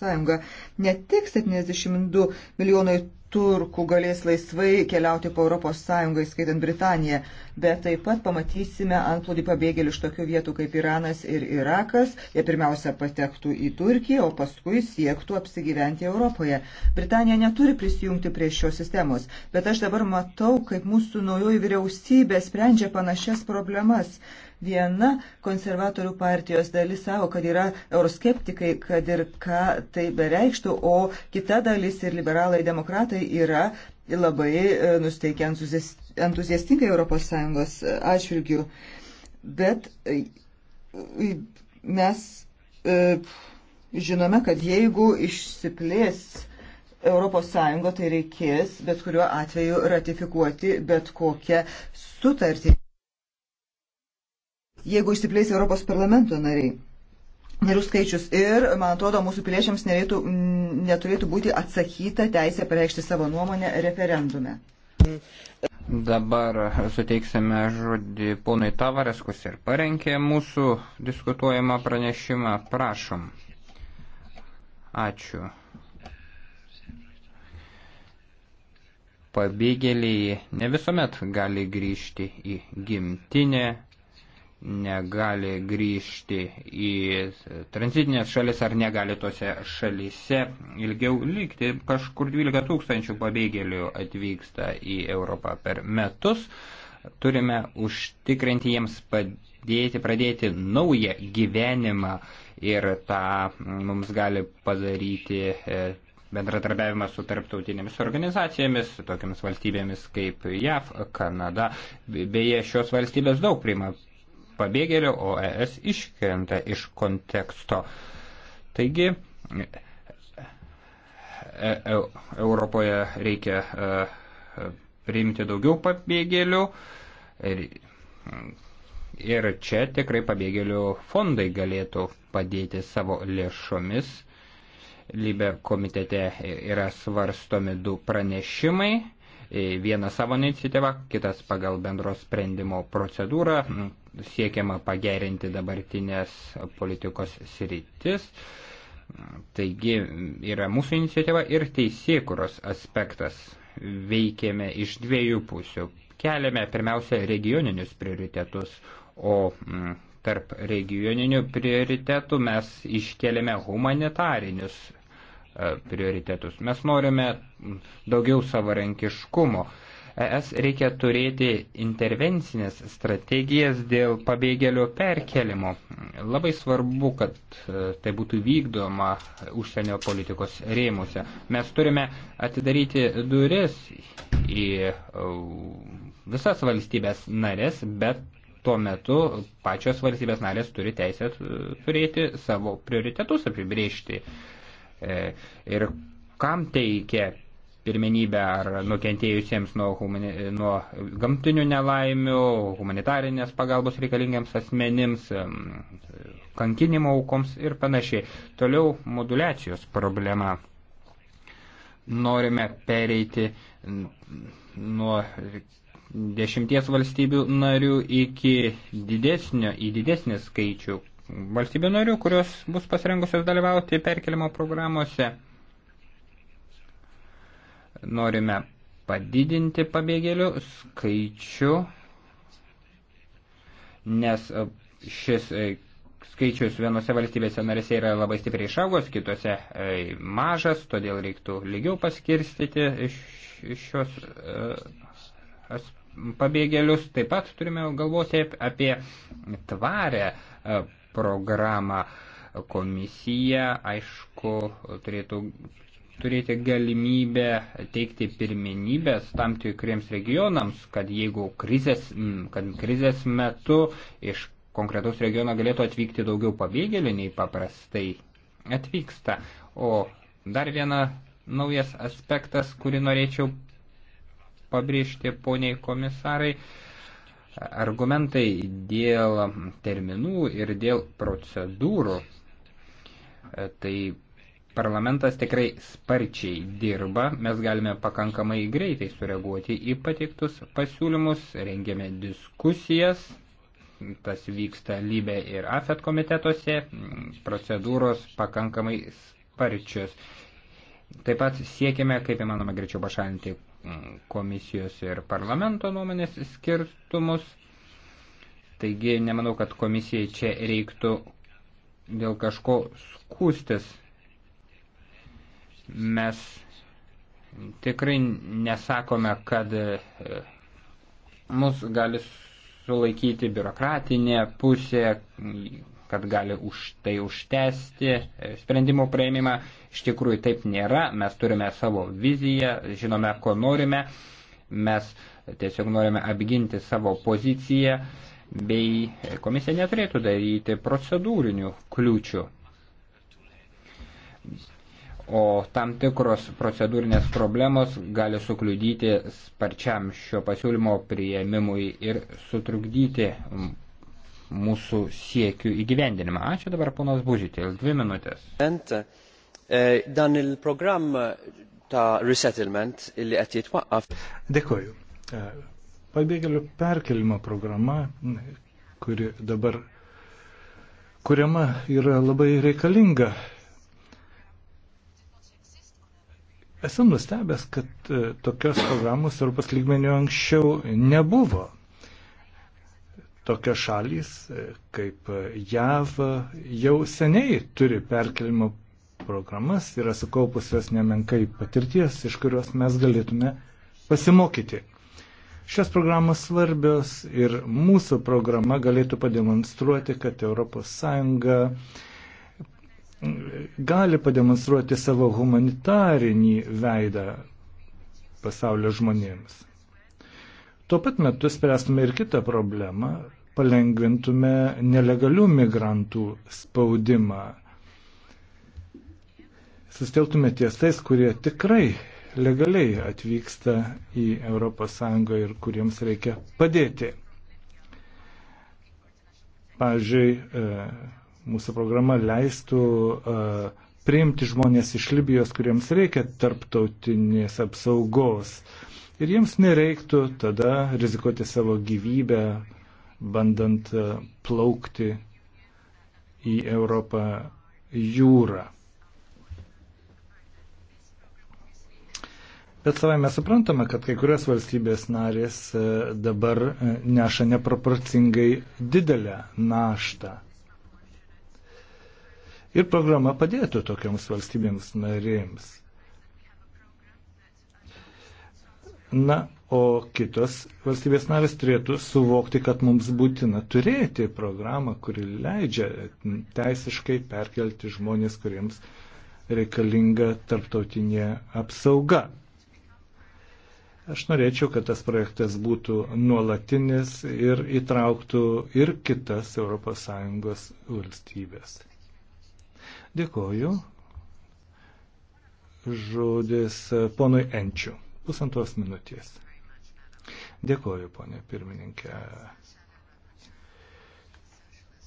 Speaker 2: Ne tik 72 milijonai turkų galės laisvai keliauti po Europos Sąjungą, skaitant Britaniją, bet taip pat pamatysime antplūdį pabėgėlių iš tokių vietų kaip Iranas ir Irakas. Jie pirmiausia patektų į Turkiją, o paskui siektų apsigyventi Europoje. Britanija neturi prisijungti prie šios sistemos, bet aš dabar matau, kaip mūsų naujoji vyriausybė sprendžia panašias problemas. Viena konservatorių partijos dalis savo, kad yra euroskeptikai, kad ir ką tai bereikštų, o kita dalis ir liberalai demokratai yra labai e, nusteikę entuziastingai ES e, atšvilgių. Bet e, mes žinome, kad jeigu išsiplės ES, tai reikės bet kuriuo atveju ratifikuoti bet kokią sutartį jeigu išsiplės Europos parlamento nariai. Narių skaičius ir, man atrodo, mūsų piliečiams nerėtų, neturėtų būti atsakyta teisė pareikšti savo nuomonę referendume.
Speaker 1: Dabar suteiksime žodį ponui Tavares, kuris ir parengė mūsų diskutuojamą pranešimą. Prašom. Ačiū. Pabėgėliai ne visuomet gali grįžti į gimtinę negali grįžti į tranzitinės šalis ar negali tose šalise ilgiau likti. Kažkur 12 tūkstančių pabėgėlių atvyksta į Europą per metus. Turime užtikrinti jiems padėti pradėti naują gyvenimą ir tą mums gali padaryti e, bendradarbiavimas su tarptautinėmis organizacijomis, tokiamis valstybėmis kaip JAV, Kanada. Beje, šios valstybės daug priima pabėgėlių, o ES iškrenta iš konteksto. Taigi, e, e, Europoje reikia e, priimti daugiau pabėgėlių ir, ir čia tikrai pabėgėlių fondai galėtų padėti savo lėšomis. Lybe komitete yra svarstomi du pranešimai E, vieną savo iniciatyvą, kitas pagal bendros sprendimo procedūrą, siekiama pagerinti dabartinės politikos sritis. Taigi yra mūsų iniciatyva ir teisėkuros aspektas. Veikėme iš dviejų pusių. Keliame pirmiausia regioninius prioritetus, o mm, tarp regioninių prioritetų mes iškeliame humanitarinius E, prioritetus. Mes norime daugiau savarankiškumo. ES reikia turėti intervencinės strategijas dėl pabėgėlio perkelimo. Labai svarbu, kad e, tai būtų vykdoma užsienio politikos rėmuose. Mes turime atidaryti duris į e, visas valstybės narės, bet tuo metu pačios valstybės narės turi teisę turėti savo prioritetus apibriežti. Uh, E, ir kam teikia pirmenybę ar nukentėjusiems nuo, humani, nuo gamtinių nelaimių, humanitarinės pagalbos reikalingiams asmenims, kankinimo aukoms ir panašiai. Toliau modulacijos problema. Norime pereiti nuo dešimties valstybių narių iki didesnio, į didesnį skaičių, valstybių narių, kurios bus pasirengusios dalyvauti perkelimo programuose. Norime padidinti pabėgėlių skaičių, nes e, šis e, skaičius vienose valstybėse narėse yra labai stipriai išaugos, kitose e, mažas, todėl reiktų lygiau paskirstyti šios pabėgėlius. Taip pat turime galvoti apie tvarę programą. Komisija, aišku, turėtų turėti galimybę teikti pirmenybės tam tikriems regionams, kad jeigu krizės, kad krizės metu iš konkretaus regiono galėtų atvykti daugiau pabėgėlių nei paprastai atvyksta. O dar viena naujas aspektas, kurį norėčiau pabrėžti poniai komisarai, uh, Argumentai dėl terminų ir dėl procedūrų, tai parlamentas tikrai sparčiai dirba, mes galime pakankamai greitai sureaguoti į pateiktus pasiūlymus, rengiame diskusijas, tas vyksta lybė ir AFET komitetuose, procedūros pakankamai sparčios. Taip pat siekime, kaip įmanoma greičiau pašalinti Mm, komisijos ir parlamento nuomonės skirtumus. Taigi nemanau, kad komisijai čia reiktų dėl kažko skūstis. Mes tikrai nesakome, kad e, mus gali sulaikyti biurokratinė pusė, kad gali už tai užtesti e, sprendimų prieimimą. Iš tikrųjų taip nėra, mes turime savo viziją, žinome, ko norime, mes tiesiog norime apginti savo poziciją, bei komisija neturėtų daryti procedūrinių kliūčių. O tam tikros procedūrinės problemos gali sukliudyti sparčiam šio pasiūlymo prieimimui ir sutrukdyti mūsų siekių įgyvendinimą. Ačiū dabar ponas Bužytėlis, dvi minutės. Eh, dan il-program eh, ta' resettlement illi qed jitwaqqaf.
Speaker 3: Dėkoju. Eh, pabėgėlių perkelimo programa, kuri dabar kuriama yra labai reikalinga. Esu nustebęs, kad tokios programos Europos lygmenio anksčiau nebuvo tokios šalys e, kaip e, JAV e, jau seniai turi perkelimo programas, yra sukaupusios nemenkai patirties, iš kurios mes galėtume pasimokyti. Šios programos svarbios ir mūsų programa galėtų pademonstruoti, kad ES gali pademonstruoti savo humanitarinį veidą pasaulio žmonėms. Tuo pat metu spręstume ir kitą problemą, palengvintume nelegalių migrantų spaudimą. Susteltume ties tais, kurie tikrai legaliai atvyksta į ES ir kuriems reikia padėti. Pavyzdžiui, e, mūsų programa leistų e, priimti žmonės iš Libijos, kuriems reikia tarptautinės apsaugos ir jiems nereiktų tada rizikuoti savo gyvybę, bandant e, plaukti į Europą jūrą. Bet savai mes suprantame, kad kai kurios valstybės narės e, dabar e, neša neproporcingai didelę naštą. Ir programa padėtų tokioms valstybėms narėms. Na, o kitos valstybės narės turėtų suvokti, kad mums būtina turėti programą, kuri leidžia teisiškai perkelti žmonės, kuriems reikalinga tarptautinė apsauga. Aš norėčiau, kad tas projektas būtų nuolatinis ir įtrauktų ir kitas ES valstybės. Dėkoju. Žodis ponui Enčiu pusantros minutės. Dėkoju, ponė pirmininkė.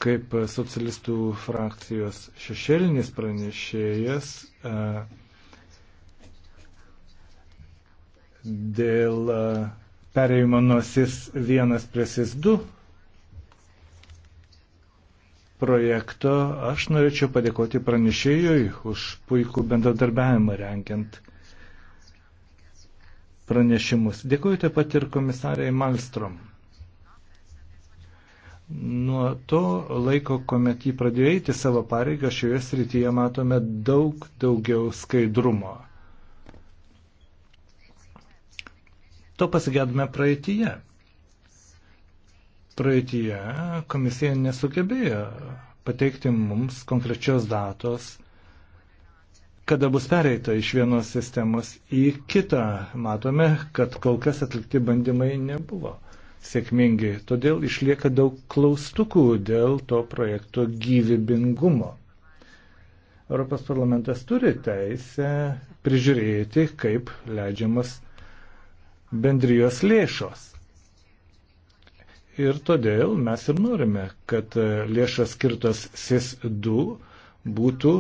Speaker 3: Kaip socialistų frakcijos šešėlinis pranešėjas e, dėl e, perėjimo nuo SIS 1 prie SIS 2 projekto aš norėčiau padėkoti pranešėjui už puikų bendradarbiavimą renkiant pranešimus. Dėkuoju taip pat ir komisariai Malstrom. Nuo to laiko, kuomet jį pradėjo eiti savo pareigą, šioje srityje matome daug daugiau skaidrumo. To pasigėdome praeitie. Praeitie komisija nesugebėjo pateikti mums konkrečios datos kada bus pereita iš vienos sistemos į kitą. Matome, kad kol kas atlikti bandymai nebuvo sėkmingi. Todėl išlieka daug klaustukų dėl to projekto gyvybingumo. Europos parlamentas turi teisę prižiūrėti, kaip leidžiamas bendrijos lėšos. Ir todėl mes ir norime, kad lėšas skirtas SIS-2 būtų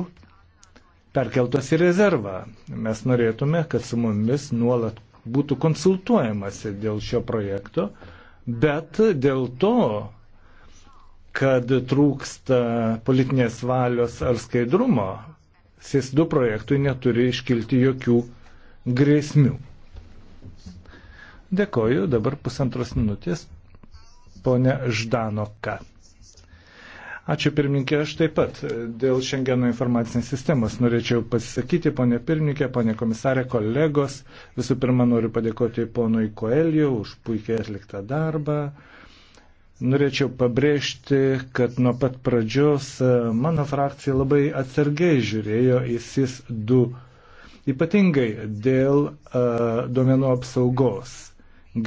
Speaker 3: perkeltos į rezervą. Mes norėtume, kad su mumis nuolat būtų konsultuojamasi dėl šio projekto, bet dėl to, kad trūksta politinės valios ar skaidrumo, SIS2 projektui neturi iškilti jokių grėsmių. Dėkoju, dabar pusantros minutės, ponia Ždanoka. Ačiū pirmininkė, aš taip pat e, dėl Šengeno informacinės sistemos norėčiau pasisakyti, ponė pirmininkė, ponė komisarė, kolegos. Visų pirma, noriu padėkoti ponui Koeliu už puikiai atliktą darbą. Norėčiau pabrėžti, kad nuo pat pradžios e, mano frakcija labai atsargiai žiūrėjo į SIS 2, ypatingai dėl uh, duomenų apsaugos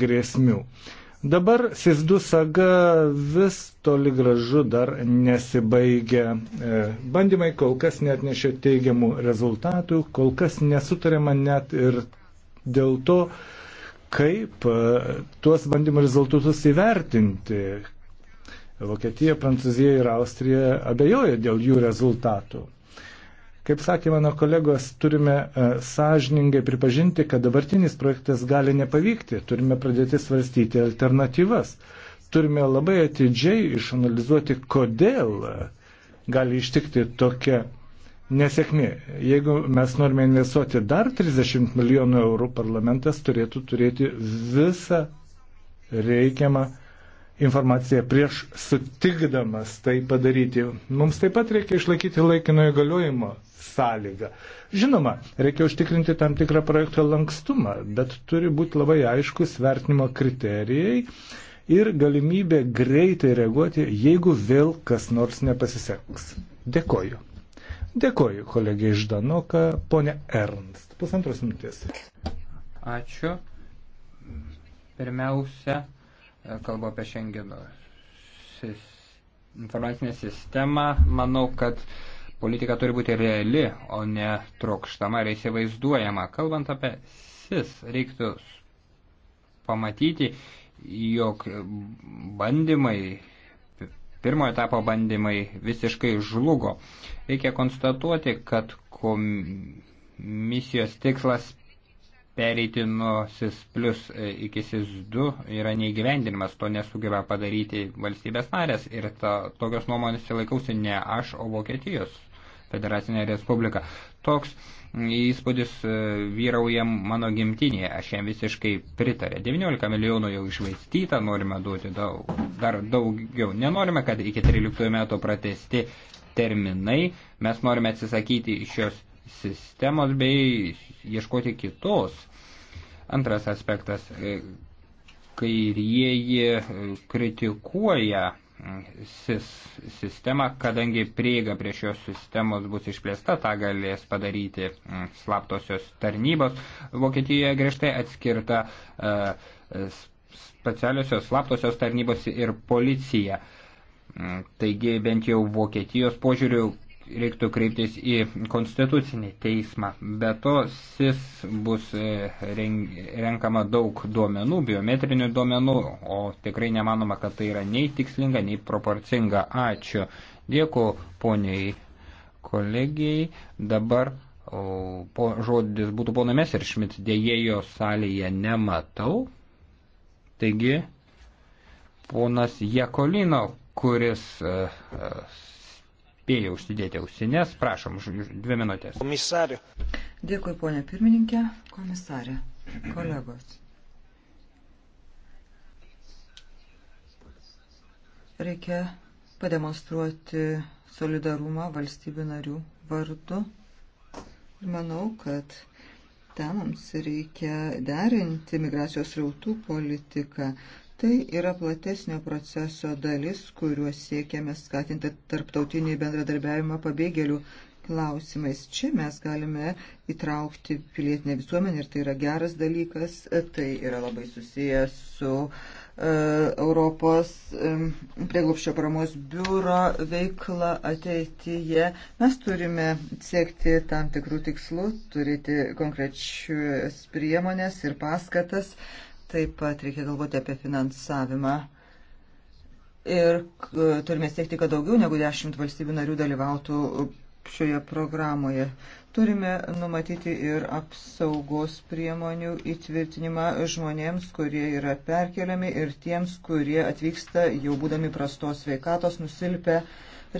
Speaker 3: grėsmių. Uh, Dabar SIS2 saga vis toli gražu dar nesibaigia. E, bandymai kol kas net nešia teigiamų rezultatų, kol kas nesutarima net ir dėl to, kaip e, tuos bandymų rezultatus įvertinti. Vokietija, Prancūzija ir Austrija abejoja dėl jų rezultatų. Kaip sakė mano kolegos, turime e, sąžiningai pripažinti, kad dabartinis projektas gali nepavykti, turime pradėti svarstyti alternatyvas, turime labai atidžiai išanalizuoti, kodėl gali ištikti tokia nesėkmė. Jeigu mes norime investuoti dar 30 milijonų eurų, parlamentas turėtų turėti visą reikiamą informaciją prieš sutikdamas tai padaryti. Mums taip pat reikia išlaikyti laikinojo galiojimo sąlygą. Žinoma, reikia užtikrinti tam tikrą projekto lankstumą, bet turi būti labai aiškus vertinimo kriterijai ir galimybė greitai reaguoti, jeigu vėl kas nors nepasiseks. Dėkoju. Dėkoju, kolegė iš Danoka, ponė Ernst. Pusantros minutės.
Speaker 1: Ačiū. Pirmiausia, kalbu apie Schengeno informacinę sistemą, manau, kad politika turi būti reali, o ne trokštama ir įsivaizduojama. Kalbant apie SIS, reiktų pamatyti, jog bandymai, pirmojo etapo bandymai visiškai žlugo. Reikia konstatuoti, kad komisijos tikslas pereiti nuo SIS plus e, iki SIS 2 yra neįgyvendinimas, to nesugeba padaryti valstybės narės ir ta, tokios nuomonės laikausi ne aš, o Vokietijos federacinė respublika. Toks įspūdis e, vyrauja mano gimtinėje, aš jam visiškai pritarė. 19 milijonų jau išvaistyta, norime duoti daug, dar daugiau. Nenorime, kad iki 13 metų pratesti terminai, mes norime atsisakyti šios sistemos bei ieškoti kitos. Antras aspektas e, - kairieji e, kritikuoja e, SIS sistemą, kadangi prieiga prie šios sistemos bus išplėsta, tą galės padaryti slaptosios tarnybos. Vokietijoje griežtai atskirta specialiosios slaptosios tarnybos ir policija. Taigi bent jau Vokietijos požiūrių reiktų kreiptis į konstitucinį teismą. Be to, SIS bus e, renkama daug duomenų, biometrinių duomenų, o tikrai nemanoma, kad tai yra nei tikslinga, nei proporcinga. Ačiū. Dėku, poniai kolegijai. Dabar o, po, žodis būtų pono Messerschmidt, dėjėjo salėje nematau. Taigi, ponas Jekolino, kuris uh, uh, nespėjo užsidėti ausinės. Prašom, dvi minutės. Komisarė.
Speaker 2: Dėkui, ponė pirmininkė, komisarė, kolegos. Reikia pademonstruoti solidarumą valstybių narių vardu. Ir manau, kad ten mums reikia derinti migracijos rautų politiką Tai yra platesnio proceso dalis, kuriuo siekiame skatinti tarptautinį bendradarbiavimą pabėgėlių klausimais. Čia mes galime įtraukti pilietinę visuomenę ir tai yra geras dalykas, tai yra labai susijęs su uh, Europos e, prieglupščio paramos biuro veiklą ateityje. Mes turime siekti tam tikrų tikslų, turėti konkrečias priemonės ir paskatas. Uh, Taip pat reikia galvoti apie finansavimą. Ir turime siekti, kad daugiau negu dešimt valstybių narių dalyvautų šioje programoje. Turime numatyti ir apsaugos priemonių įtvirtinimą žmonėms, kurie yra perkeliami ir tiems, kurie atvyksta jau būdami prastos sveikatos, nusilpę.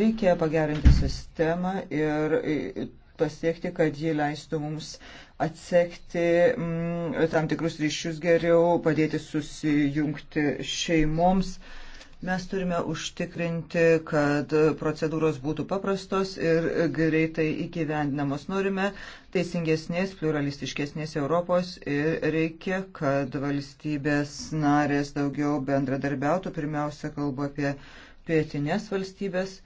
Speaker 2: Reikia pagerinti sistemą ir pasiekti, kad ji leistų mums atsekti m, mm, tam tikrus ryšius geriau, padėti susijungti šeimoms. Mes turime užtikrinti, kad procedūros būtų paprastos ir greitai įgyvendinamos. Norime teisingesnės, pluralistiškesnės Europos ir reikia, kad valstybės narės daugiau bendradarbiautų. Pirmiausia, kalbu apie pietinės valstybės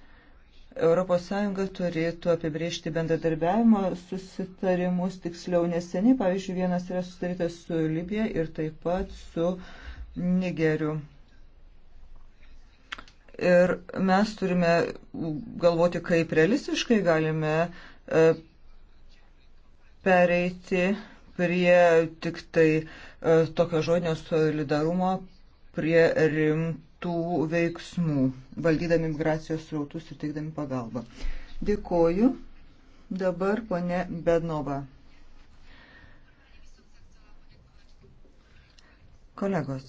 Speaker 2: ES turėtų apibriežti bendradarbiavimo susitarimus tiksliau neseniai. Pavyzdžiui, vienas yra sudarytas su Libija ir taip pat su Nigeriu. Ir mes turime galvoti, kaip realistiškai galime e, pereiti prie tik tai e, tokio žodinio solidarumo, prie rimtų tų veiksmų, valdydami migracijos srautus ir teikdami pagalbą. Dėkoju. Dabar ponė Bednova. Kolegos,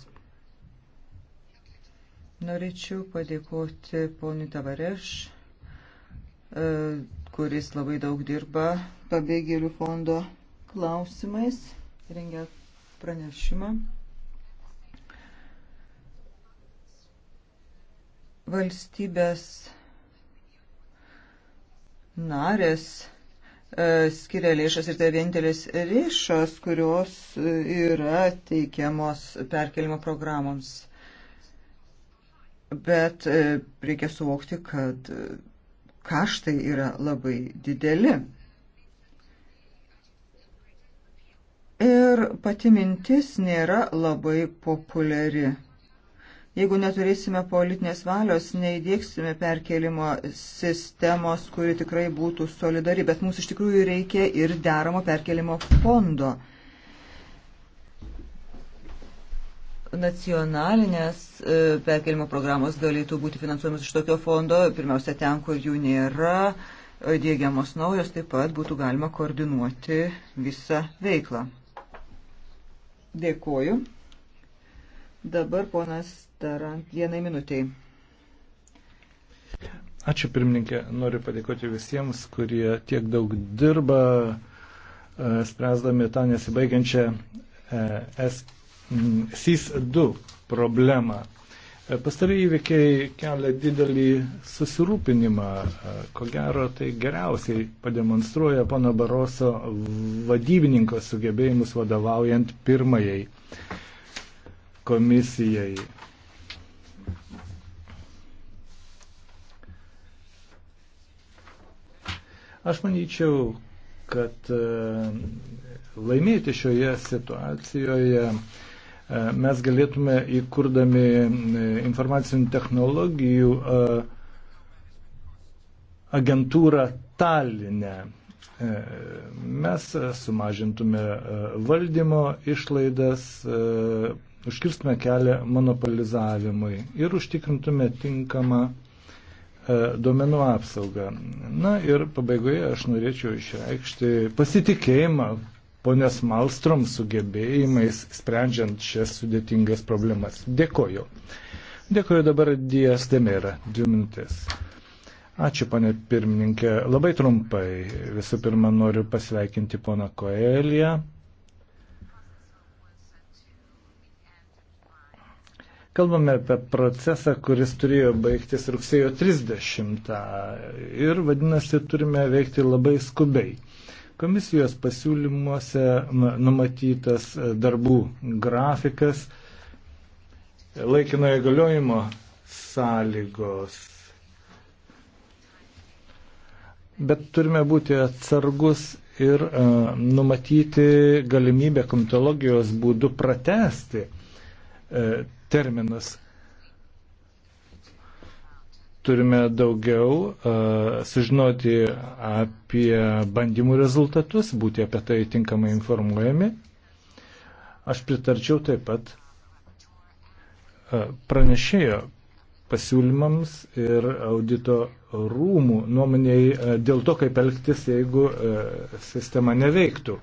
Speaker 2: norėčiau padėkoti ponui Tavareš, e, kuris labai daug dirba pabėgėlių fondo klausimais, rengia pranešimą. Valstybės narės e, skiria lėšas ir tai vienintelis lėšas, kurios yra teikiamos perkelimo programoms. Bet e, reikia suvokti, kad e, kaštai yra labai dideli. Ir pati mintis nėra labai populiari. Jeigu neturėsime politinės valios, neįdėksime perkelimo sistemos, kuri tikrai būtų solidari, bet mums iš tikrųjų reikia ir deramo perkelimo fondo. Nacionalinės e, perkelimo programos galėtų būti finansuojamos iš tokio fondo, pirmiausia ten, kur jų nėra, e, dėgiamos naujos, taip pat būtų galima koordinuoti visą veiklą. Dėkuoju. Dabar ponas darant vienai minutiai.
Speaker 3: Ačiū pirmininkė, noriu padėkoti visiems, kurie tiek daug dirba, e, spręsdami tą nesibaigiančią e, SIS-2 problemą. E, Pastarėjai įvykiai kelia didelį susirūpinimą. Ko gero, tai geriausiai pademonstruoja pono Baroso vadybininko sugebėjimus vadovaujant pirmajai komisijai. Aš manyčiau, kad e, laimėti šioje situacijoje e, mes galėtume įkurdami e, informacinių technologijų agentūrą Talinę. Mes sumažintume valdymo išlaidas, užkirstume kelią monopolizavimui ir užtikrintume tinkamą E, duomenų apsaugą. Na ir pabaigoje aš norėčiau išreikšti pasitikėjimą ponės Malstrom sugebėjimais sprendžiant šias sudėtingas problemas. Dėkoju. Dėkoju dabar Dijas Demera, dvi minutės. Ačiū, panė pirmininkė. Labai trumpai. Visų pirma, noriu pasveikinti poną Koeliją Kalbame apie procesą, kuris turėjo baigtis rugsėjo 30 ir vadinasi turime veikti labai skubiai. Komisijos pasiūlymuose nu, numatytas darbų grafikas, laikinojo galiojimo sąlygos. Bet turime būti atsargus ir uh, numatyti galimybę komitologijos būdu pratesti uh, terminas. Turime daugiau uh, sužinoti apie bandymų rezultatus, būti apie tai tinkamai informuojami. Aš pritarčiau taip pat uh, pranešėjo pasiūlymams ir audito rūmų nuomonėjai e, dėl to, kaip elgtis, jeigu sistema neveiktų.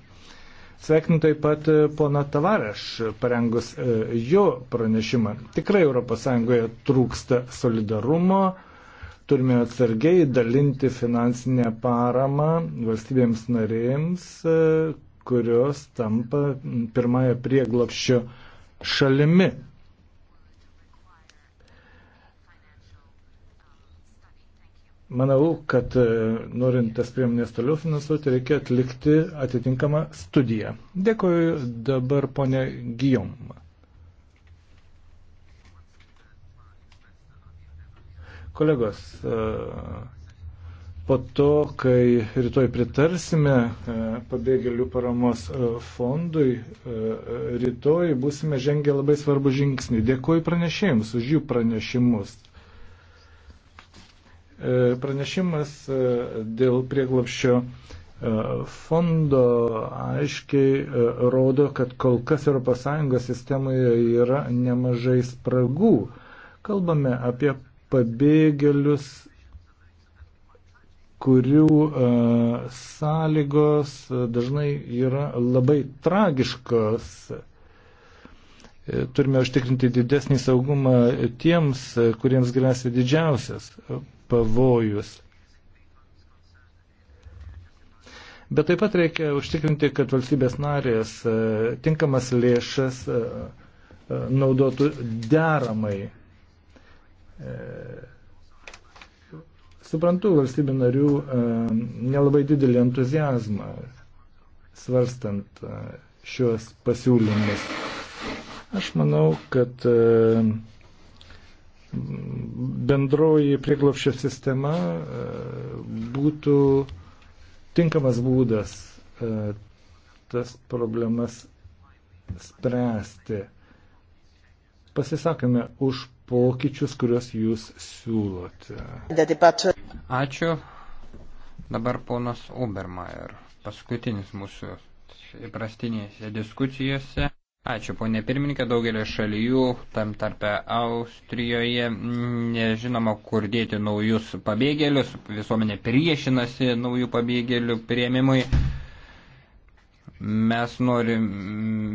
Speaker 3: Sveikinu taip pat e, pona Tavareš, parengus e, jo pranešimą. Tikrai ES trūksta solidarumo, turime atsargiai dalinti finansinę paramą valstybėms narėms, e, kurios tampa pirmąją prieglopščio šalimi. Manau, kad e, norint tas priemonės toliau finansuoti, reikia atlikti atitinkamą studiją. Dėkuoju dabar ponė Gijom. Kolegos, e, po to, kai rytoj pritarsime e, pabėgėlių paramos fondui, rytoj būsime žengę labai svarbu žingsnį. Dėkuoju pranešėjams už jų pranešimus. E, pranešimas e, dėl prieglapščio e, fondo aiškiai rodo, kad kol kas ES sistemoje yra nemažai spragų. Kalbame apie pabėgėlius, kurių sąlygos dažnai yra labai tragiškos. Turime užtikrinti didesnį saugumą tiems, kuriems grėsia didžiausias pavojus. Bet taip pat reikia užtikrinti, kad valstybės narės e, tinkamas lėšas e, e, naudotų deramai. Suprantu valstybių narių nelabai didelį entuzijazmą svarstant šios pasiūlymus. Aš manau, kad bendroji prieglopščio sistema e, būtų tinkamas būdas e, tas problemas spręsti. Pasisakome už pokyčius, kuriuos jūs siūlote.
Speaker 1: Ačiū. Dabar ponas Obermeier, paskutinis mūsų įprastinėse diskusijose. Ačiū, ponė pirmininkė, daugelio šalyjų, tam tarpe Austrijoje, nežinoma, kur dėti naujus pabėgėlius, visuomenė priešinasi naujų pabėgėlių prieimimui. Mes, norim,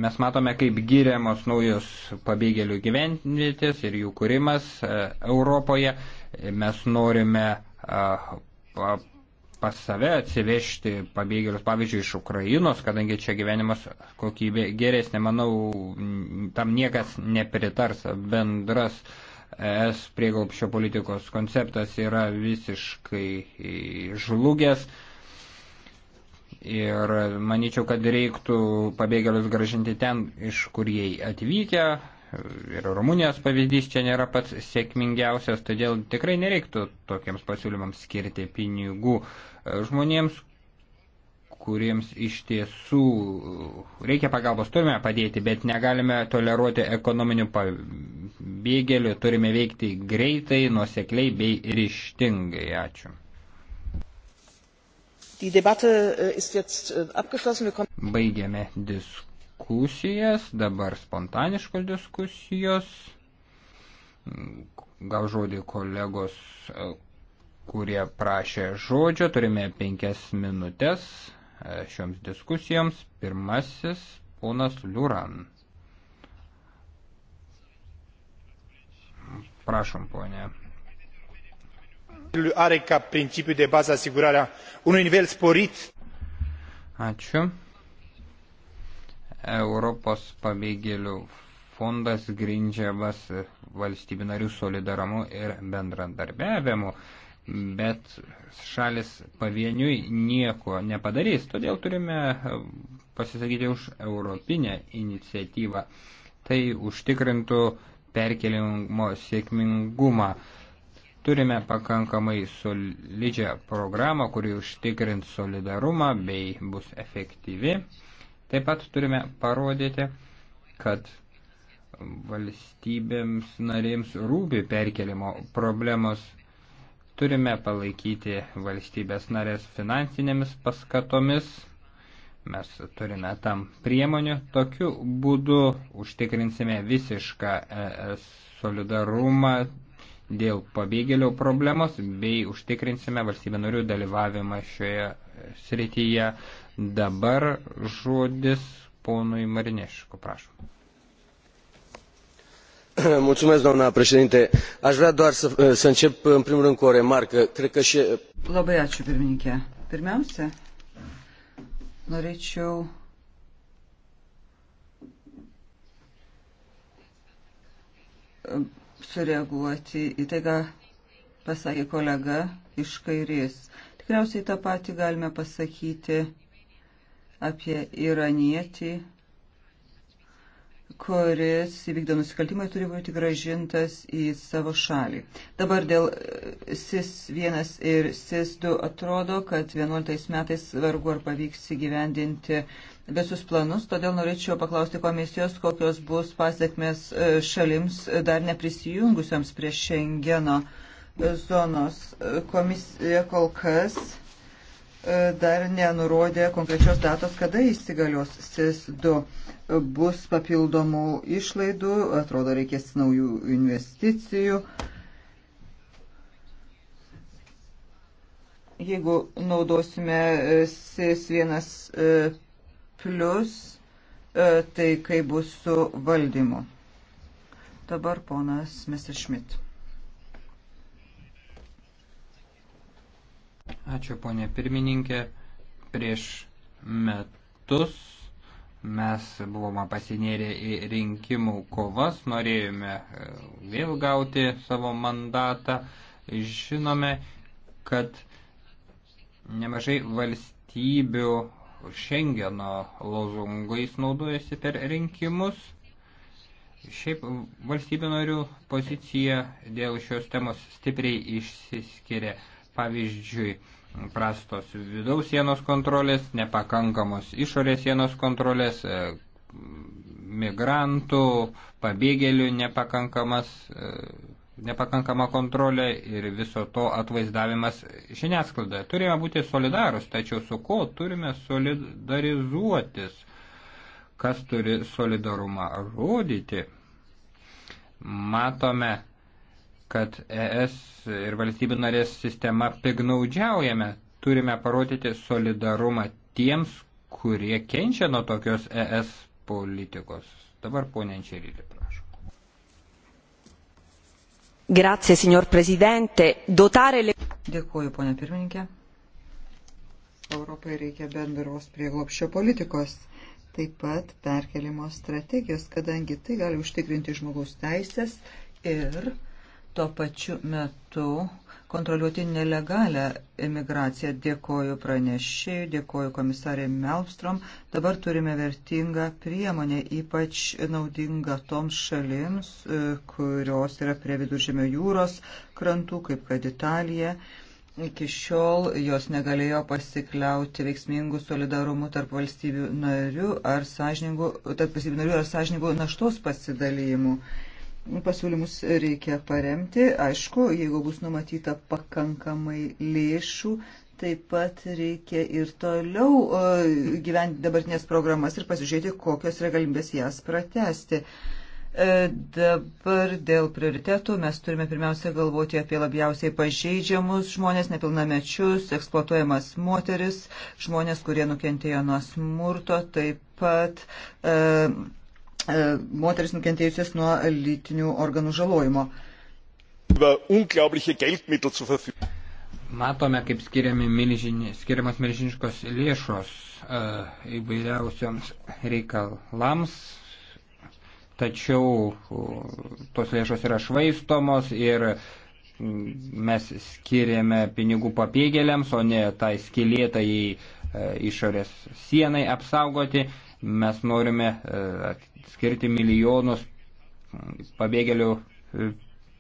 Speaker 1: mes matome, kaip giriamos naujos pabėgėlių gyvenvietės ir jų kūrimas e, Europoje. Mes norime pas save atsivežti pabėgėlius, pavyzdžiui, iš Ukrainos, kadangi čia gyvenimas kokybė geresnė, manau, tam niekas nepritars. Bendras es prieglopščio politikos konceptas yra visiškai žlugęs. Ir manyčiau, kad reiktų pabėgėlius gražinti ten, iš kur jie atvykę, ir Rumunijos pavyzdys čia nėra pats sėkmingiausias, todėl tikrai nereiktų tokiems pasiūlymams skirti pinigų e, žmonėms, kuriems iš tiesų reikia pagalbos, turime padėti, bet negalime toleruoti ekonominių pabėgėlių, turime veikti greitai, nuosekliai bei ryštingai. Ačiū.
Speaker 2: Äh,
Speaker 1: äh, Baigėme diskusiją diskusijas, dabar spontaniškos diskusijos. Gal žodį kolegos, kurie prašė žodžio, turime penkias minutės e, šioms diskusijoms. Pirmasis ponas Liuran. Prašom, ponė. Are ca principiu de bază asigurarea unui nivel sporit. Ačiū. Europos pabėgėlių fondas grindžiamas valstybių narių solidarumu ir bendradarbiavimu, bet šalis pavieniui nieko nepadarys. Todėl turime pasisakyti už europinę iniciatyvą. Tai užtikrintų perkelimo sėkmingumą. Turime pakankamai solidžią programą, kuri užtikrins solidarumą bei bus efektyvi. Taip pat turime parodyti, kad valstybėms narėms rūpi perkelimo problemos. Turime palaikyti valstybės narės finansinėmis paskatomis. Mes turime tam priemonių. Tokiu būdu užtikrinsime visišką ES solidarumą dėl pabėgėlių problemos bei užtikrinsime valstybė narių dalyvavimą šioje srityje. Dabar žodis ponui Marinešku, prašom.
Speaker 2: Mulțumesc, doamna președinte. Aș vrea doar să, eh, să încep în
Speaker 3: primul rând cu o remarcă. Cred că și...
Speaker 2: Labai ačiū, pirmininkė. Pirmiausia, norėčiau sureaguoti į tai, ką pasakė kolega iš kairės. Tikriausiai tą patį galime pasakyti apie iranietį, kuris įvykdo nusikaltimą turi būti gražintas į savo šalį. Dabar dėl e, SIS-1 ir SIS-2 atrodo, kad 11 metais vargu ar pavyks įgyvendinti visus planus, todėl norėčiau paklausti komisijos, kokios bus pasiekmes e, šalims dar neprisijungusiams prie Šengeno e, zonos. Komisija kol kas E, dar nenurodė konkrečios datos, kada įsigalios SIS-2. Bus papildomų išlaidų, atrodo, reikės naujų investicijų. Jeigu naudosime e, SIS-1 e, plus, tai kaip bus su valdymu. Dabar ponas Messerschmidt.
Speaker 1: Ačiū, ponė pirmininkė. Prieš metus mes buvome pasinėrę į rinkimų kovas, norėjome e, vėl gauti savo mandatą. Žinome, kad nemažai valstybių Šengeno lozungais naudojasi per rinkimus. Šiaip valstybių narių pozicija dėl šios temos stipriai išsiskiria. Pavyzdžiui, prastos vidaus sienos kontrolės, nepakankamos išorės sienos kontrolės, e, migrantų, pabėgėlių nepakankamas, e, nepakankama kontrolė ir viso to atvaizdavimas žiniasklaidoje. Turime būti solidarus, tačiau su ko turime solidarizuotis, kas turi solidarumą rodyti. Matome kad ES ir valstybių narės sistema pignaudžiaujame. Turime parodyti solidarumą tiems, kurie kenčia nuo tokios ES politikos. Dabar ponė Ančerylė, prašau.
Speaker 2: Grazie, signor Presidente. Dotare le... Dėkuoju, ponė pirmininkė. Europai reikia bendros prieglopščio politikos, taip pat perkelimo strategijos, kadangi tai gali užtikrinti žmogaus teisės ir uh, tuo pačiu metu kontroliuoti nelegalę imigraciją. Dėkoju pranešėjui, dėkoju komisarė Melstrom. Dabar turime vertingą priemonę, ypač naudingą toms šalims, e, kurios yra prie viduržėmio jūros krantų, kaip kad Italija. Iki šiol jos negalėjo pasikliauti veiksmingų solidarumų tarp valstybių narių ar sąžiningų, tarp valstybių narių ar sąžiningų naštos pasidalymų pasiūlymus reikia paremti. Aišku, jeigu bus numatyta pakankamai lėšų, taip pat reikia ir toliau e, gyventi dabartinės programas ir pasižiūrėti, kokios yra galimybės jas pratesti. E, dabar dėl prioritetų mes turime pirmiausia galvoti apie labiausiai pažeidžiamus žmonės, nepilnamečius, eksploatuojamas moteris, žmonės, kurie nukentėjo nuo smurto, taip pat. E, E, moteris nukentėjusias nuo lytinių organų žalojimo.
Speaker 1: Matome, kaip milžini, skiriamas milžiniškos lėšos uh, e, įvairiausiams reikalams, tačiau uh, tos lėšos yra švaistomos ir uh, mes skiriame pinigų papėgėliams, o ne tai skilėtai e, išorės sienai apsaugoti. Mes norime skirti milijonus pabėgėlių e,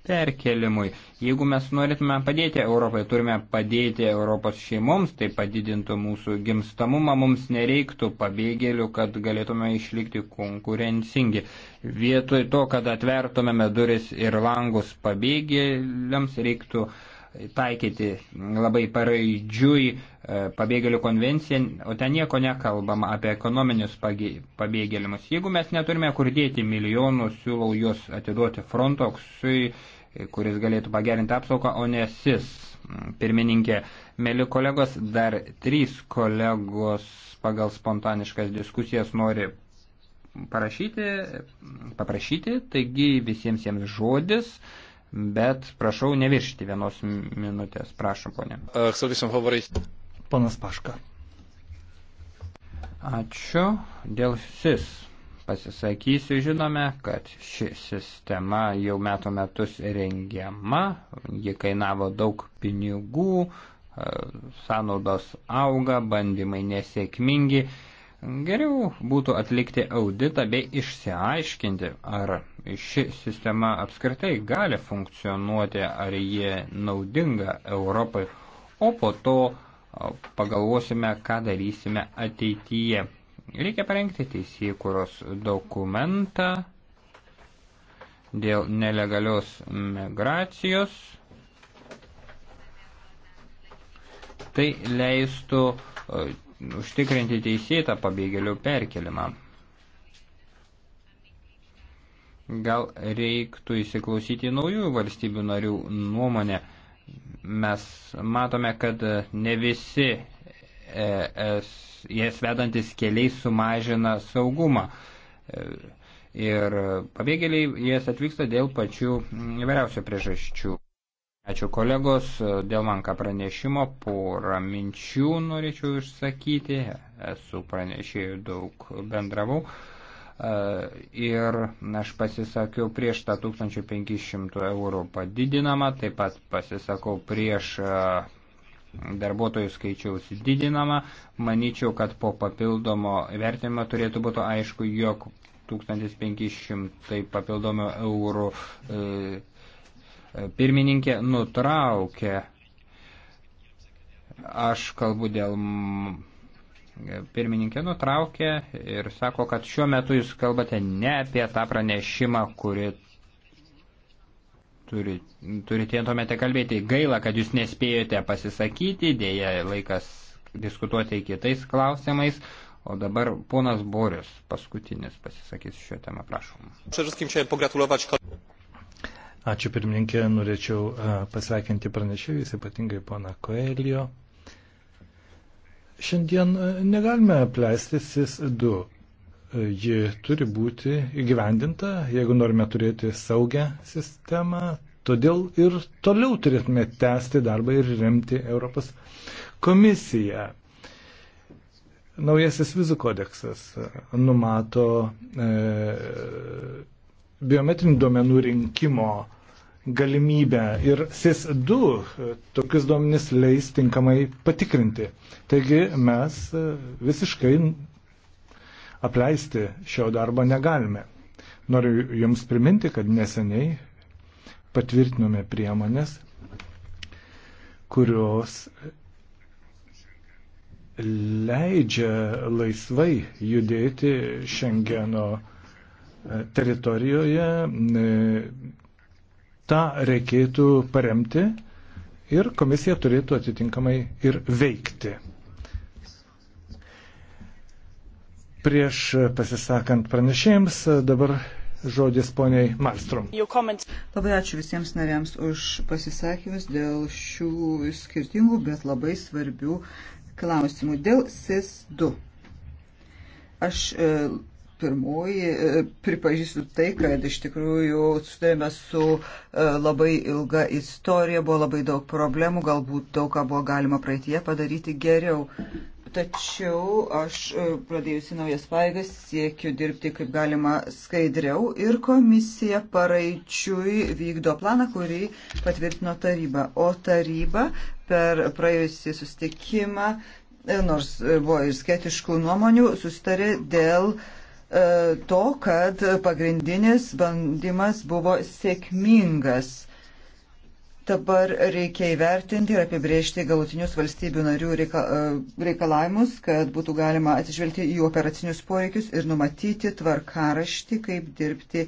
Speaker 1: perkelimui. Jeigu mes norėtume padėti Europai, turime padėti Europos šeimoms, tai padidintų mūsų gimstamumą, mums nereiktų pabėgėlių, kad galėtume išlikti konkurencingi. Vietoj to, kad atvertumėme duris ir langus pabėgėliams, reiktų uh, taikyti labai paraidžiui e, pabėgėlių konvenciją, o ten nieko nekalbama apie ekonominius pabėgėlimus. Jeigu mes neturime kur dėti milijonų, siūlau juos atiduoti Frontoxui, kuris galėtų pagerinti apsaugą, o ne SIS. Pirmininkė, mėly kolegos, dar trys kolegos pagal spontaniškas diskusijas nori parašyti, paprašyti, taigi visiems jiems žodis bet prašau neviršyti vienos minutės. Prašom, ponė. Ponas Paška. Ačiū dėl SIS. Pasisakysiu, žinome, kad ši sistema jau metų metus rengiama, ji kainavo daug pinigų, sąnaudos auga, bandymai nesėkmingi. Geriau būtų atlikti auditą bei išsiaiškinti, ar ši sistema apskritai gali funkcionuoti, ar jie naudinga Europai, o po to pagalvosime, ką darysime ateityje. Reikia parengti teisėkuros dokumentą dėl nelegalios migracijos. Tai leistų užtikrinti teisėtą pabėgėlių perkelimą. Gal reiktų įsiklausyti naujų valstybių narių nuomonę. Mes matome, kad ne visi es, jas vedantis keliai sumažina saugumą. E, ir pabėgėliai jas atvyksta dėl pačių įvairiausių priežasčių. Ačiū kolegos, dėl man ką pranešimo, porą minčių norėčiau išsakyti, esu pranešėjų daug bendravau ir aš pasisakiau prieš tą 1500 eurų padidinamą, taip pat pasisakau prieš e, darbuotojų skaičiaus didinamą. Manyčiau, kad po papildomo vertinimo turėtų būti aišku, jog 1500 papildomų eurų e, pirmininkė nutraukė. Aš kalbu dėl pirmininkė nutraukė ir sako, kad šiuo metu jūs kalbate ne apie tą pranešimą, kurį turi, turite tuomete kalbėti. Gaila, kad jūs nespėjote pasisakyti, dėja laikas diskutuoti kitais klausimais. O dabar ponas Boris paskutinis pasisakys šią temą, prašom.
Speaker 3: Ačiū pirmininkė, norėčiau e, pasveikinti pranešėjus, ypatingai poną Koelio. Šiandien e, negalime apleisti SIS-2. E, ji turi būti įgyvendinta, jeigu norime turėti saugę sistemą. Todėl ir toliau turėtume tęsti darbą ir remti Europos komisiją. Naujasis vizų kodeksas e, numato e, biometrinių duomenų rinkimo e, galimybę ir SIS-2 e, tokius duomenis leis tinkamai patikrinti. Taigi mes e, visiškai apleisti šio darbo negalime. Noriu Jums priminti, kad neseniai patvirtinome priemonės, kurios leidžia laisvai judėti Šengeno e, teritorijoje tą reikėtų paremti ir komisija turėtų atitinkamai ir veikti. Prieš pasisakant pranešėjams, dabar žodis poniai Malstrom.
Speaker 2: Labai ačiū visiems nariams už pasisakymus dėl šių skirtingų, bet labai svarbių klausimų. Dėl SIS 2. Aš e, Pirmoji, e, pripažįstu tai, kad iš tikrųjų sutarėme su e, labai ilga istorija, buvo labai daug problemų, galbūt daug ką buvo galima praeitie padaryti geriau. Tačiau aš e, pradėjusi naujas pareigas siekiu dirbti kaip galima skaidriau ir komisija paraičiui vykdo planą, kurį patvirtino taryba. O taryba per praėjusi sustikimą, nors buvo ir sketiškų nuomonių, sustarė dėl uh, E, to, kad pagrindinis bandymas buvo sėkmingas. Dabar reikia įvertinti ir apibriežti galutinius valstybių narių e, reikalavimus, kad būtų galima atsižvelgti į operacinius poreikius ir numatyti tvarkaraštį, kaip dirbti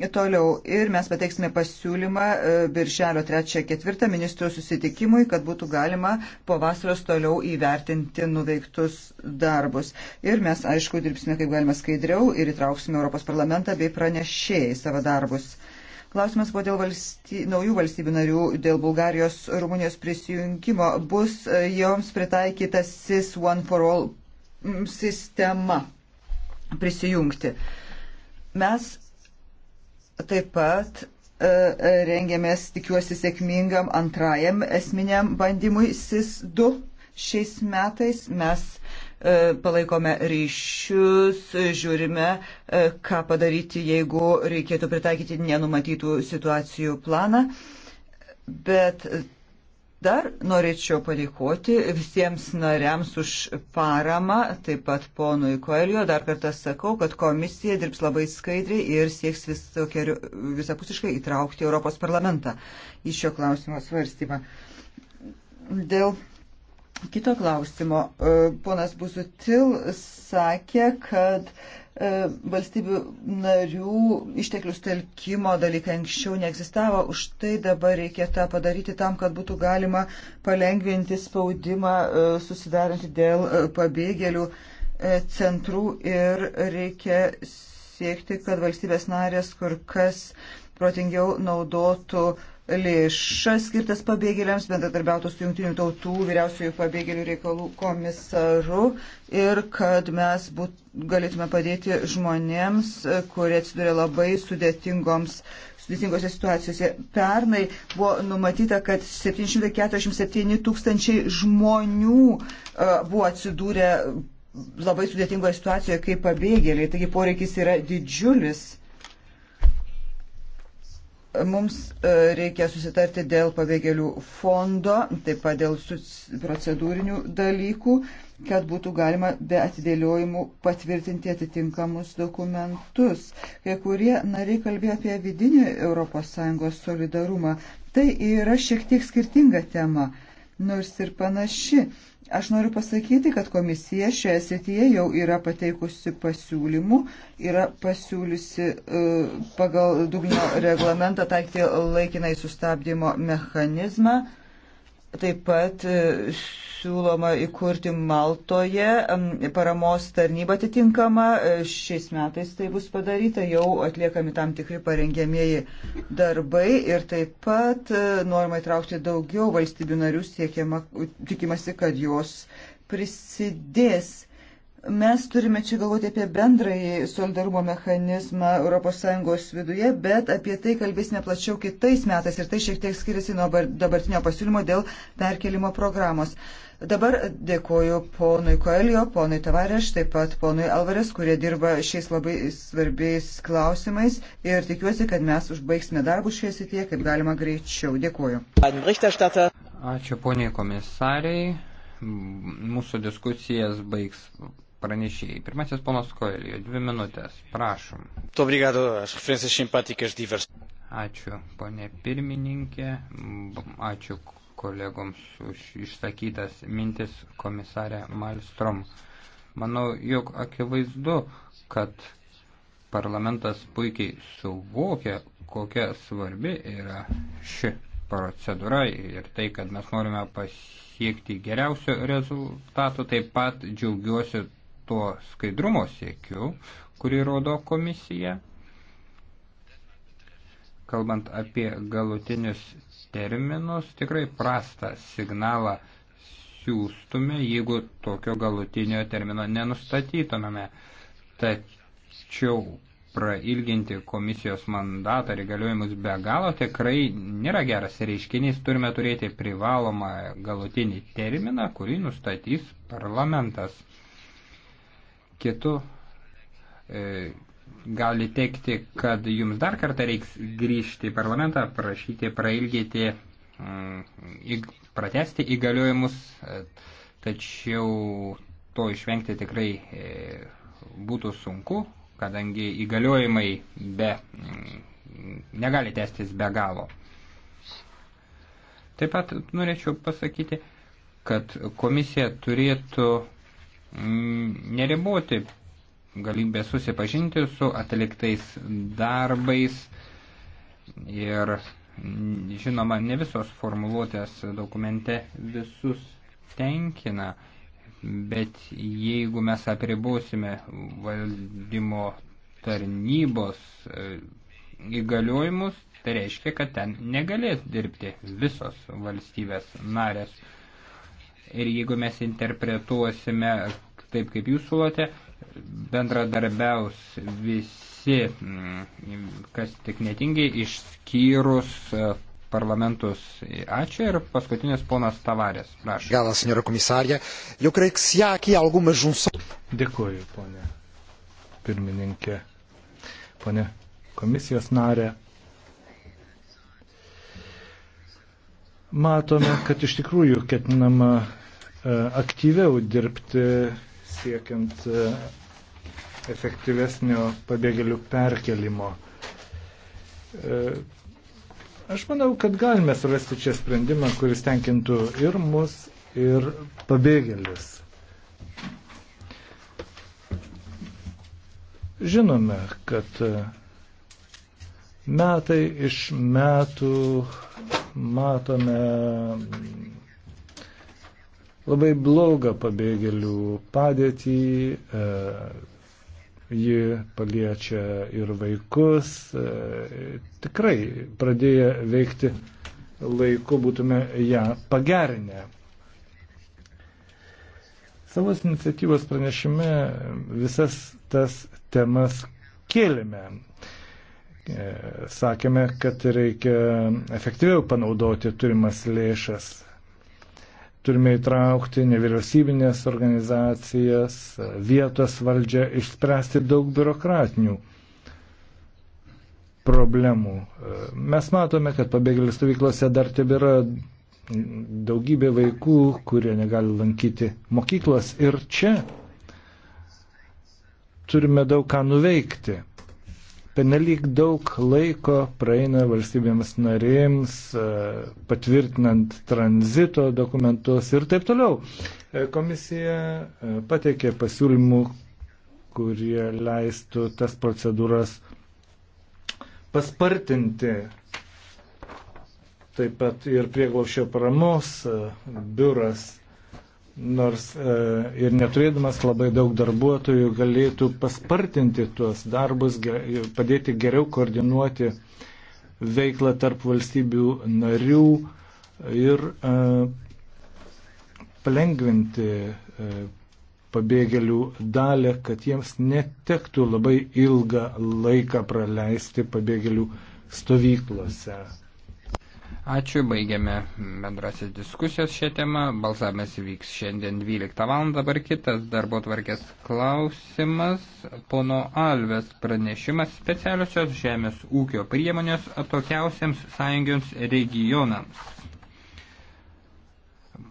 Speaker 2: Toliau ir mes pateiksime pasiūlymą e, birželio 3-4 ministrų susitikimui, kad būtų galima po vasaros toliau įvertinti nuveiktus darbus. Ir mes, aišku, dirbsime kaip galima skaidriau ir įtrauksime Europos parlamentą bei pranešėjai savo darbus. Klausimas buvo dėl valsty, naujų valstybių narių, dėl Bulgarijos, Rumunijos prisijungimo. Bus e, joms pritaikyta SIS One for All sistema prisijungti. Mes Taip pat e, e, rengiamės, tikiuosi, sėkmingam antrajam esminiam bandymui SIS-2 šiais metais. Mes e, palaikome ryšius, žiūrime, ką padaryti, jeigu reikėtų pritaikyti nenumatytų situacijų planą. Bet Dar norėčiau padėkoti visiems nariams už paramą, taip pat ponui Koelio. Dar kartą sakau, kad komisija dirbs labai skaidriai ir sieks visokeriu, visapusiškai įtraukti Europos parlamentą į šio klausimo svarstymą. Dėl kito klausimo, e, ponas Buzutil sakė, kad E, valstybių narių išteklių telkimo dalykai anksčiau neegzistavo, už tai dabar reikia tą padaryti tam, kad būtų galima palengvinti spaudimą e, susidarantį dėl e, pabėgėlių centrų ir reikia siekti, kad valstybės narės kur kas protingiau naudotų uh, lėšas skirtas pabėgėliams, bendradarbiautų su Junktinių tautų vyriausiųjų pabėgėlių reikalų komisaru ir kad mes būt, galėtume padėti žmonėms, kurie atsiduria labai sudėtingoms sudėtingose situacijose. Pernai buvo numatyta, kad 747 tūkstančiai žmonių e, buvo atsidūrę labai sudėtingoje situacijoje kaip pabėgėliai, taigi poreikis yra didžiulis Mums e, reikia susitarti dėl pabėgėlių fondo, taip pat dėl procedūrinių dalykų, kad būtų galima be atidėliojimų patvirtinti atitinkamus dokumentus. Kai kurie nariai kalbėjo apie vidinį ES solidarumą. Tai yra šiek tiek skirtinga tema, nors ir panaši. Aš noriu pasakyti, kad komisija šioje srityje jau yra pateikusi pasiūlymų, yra pasiūliusi e, pagal Dublino reglamentą taikyti laikinai sustabdymo mechanizmą. Taip pat e, siūloma įkurti Maltoje paramos tarnybą atitinkamą. E, šiais metais tai bus padaryta, jau atliekami tam tikri parengiamieji darbai ir taip pat e, norima įtraukti daugiau valstybių narių, siekiama, tikimasi, kad jos prisidės Mes turime čia galvoti apie bendrąjį solidarumo mechanizmą ES viduje, bet apie tai kalbėsime plačiau kitais metais ir tai šiek tiek skiriasi nuo dabartinio pasiūlymo dėl perkelimo programos. Dabar dėkoju ponui Koelio, ponui Tavareš, taip pat ponui Alvarės, kurie dirba šiais labai svarbiais klausimais ir tikiuosi, kad mes užbaigsime darbus šioje srityje kaip galima greičiau. Dėkoju.
Speaker 1: Ačiū poniai komisariai. Mūsų diskusijas baigs pranešėjai. Pirmasis ponas Koelio, dvi minutės, prašom. Obrigado, aš referencijas simpatikas divers. Ačiū, ponė pirmininkė, ačiū kolegoms už išsakytas mintis komisarė Malstrom. Manau, jog akivaizdu, kad parlamentas puikiai suvokia, kokia svarbi yra ši procedūra ir tai, kad mes norime pasiekti geriausio rezultato, taip pat džiaugiuosi tuo skaidrumo siekiu, kurį rodo komisija. Kalbant apie galutinius terminus, tikrai prastą signalą siūstume, jeigu tokio galutinio termino nenustatytumėme. Tačiau prailginti komisijos mandatą ir įgaliojimus be galo tikrai nėra geras reiškinys. Turime turėti privalomą galutinį terminą, kurį nustatys parlamentas kitu e, gali teikti, kad jums dar kartą reiks grįžti į parlamentą, prašyti, prailgėti, mm, pratesti įgaliojimus, e, tačiau to išvengti tikrai e, būtų sunku, kadangi įgaliojimai be, mm, negali tęstis be galo. Taip pat norėčiau pasakyti, kad komisija turėtų Mm, neriboti galimybę susipažinti su atliktais darbais ir mm, žinoma ne visos formuluotės dokumente visus tenkina, bet jeigu mes apribosime valdymo tarnybos e, įgaliojimus, tai reiškia, kad ten negalės dirbti visos valstybės narės ir jeigu mes interpretuosime taip, kaip jūs sulote, bendradarbiaus visi, mm, kas tik netingiai, išskyrus e, parlamentus. Ačiū ir paskutinis ponas Tavarės. Prašau. Galas, senjora komisarė. Juk reiks ją, kai algumas žunso.
Speaker 3: Dėkuoju, ponė pirmininkė. Pone komisijos narė. Matome, kad iš tikrųjų ketinama E, aktyviau dirbti siekiant e, efektyvesnio pabėgėlių perkelimo. E, aš manau, kad galime surasti čia sprendimą, kuris tenkintų ir mus, ir pabėgėlius. Žinome, kad metai iš metų matome labai blogą pabėgėlių padėtį, e, ji paliečia ir vaikus. E, tikrai pradėję veikti laiku būtume ją pagerinę. Savos iniciatyvos pranešime visas tas temas kėlėme. E, sakėme, kad reikia efektyviau panaudoti turimas lėšas Turime įtraukti nevyriausybinės organizacijas, vietos valdžią, išspręsti daug biurokratinių problemų. Mes matome, kad pabėgėlių stovyklose dar tebėra daugybė vaikų, kurie negali lankyti mokyklos ir čia turime daug ką nuveikti. Penelyg daug laiko praeina valstybėms narėms, e, patvirtinant tranzito dokumentus ir taip toliau. E, komisija e, pateikė pasiūlymų, kurie leistų tas procedūras paspartinti. Taip pat ir prieglaušio paramos biuras nors e, ir neturėdamas labai daug darbuotojų galėtų paspartinti tuos darbus, ge, padėti geriau koordinuoti veiklą tarp valstybių narių ir e, palengventi e, pabėgėlių dalę, kad jiems netektų labai ilgą laiką praleisti pabėgėlių stovyklose.
Speaker 1: Ačiū, baigiame bendrasis diskusijos šią temą. Balsavimas vyks šiandien 12 val. Dabar kitas darbo tvarkės klausimas. Pono Alves pranešimas specialiosios žemės ūkio priemonės atokiausiams sąjungiams regionams.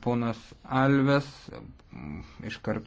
Speaker 1: Ponas Alves iš karto.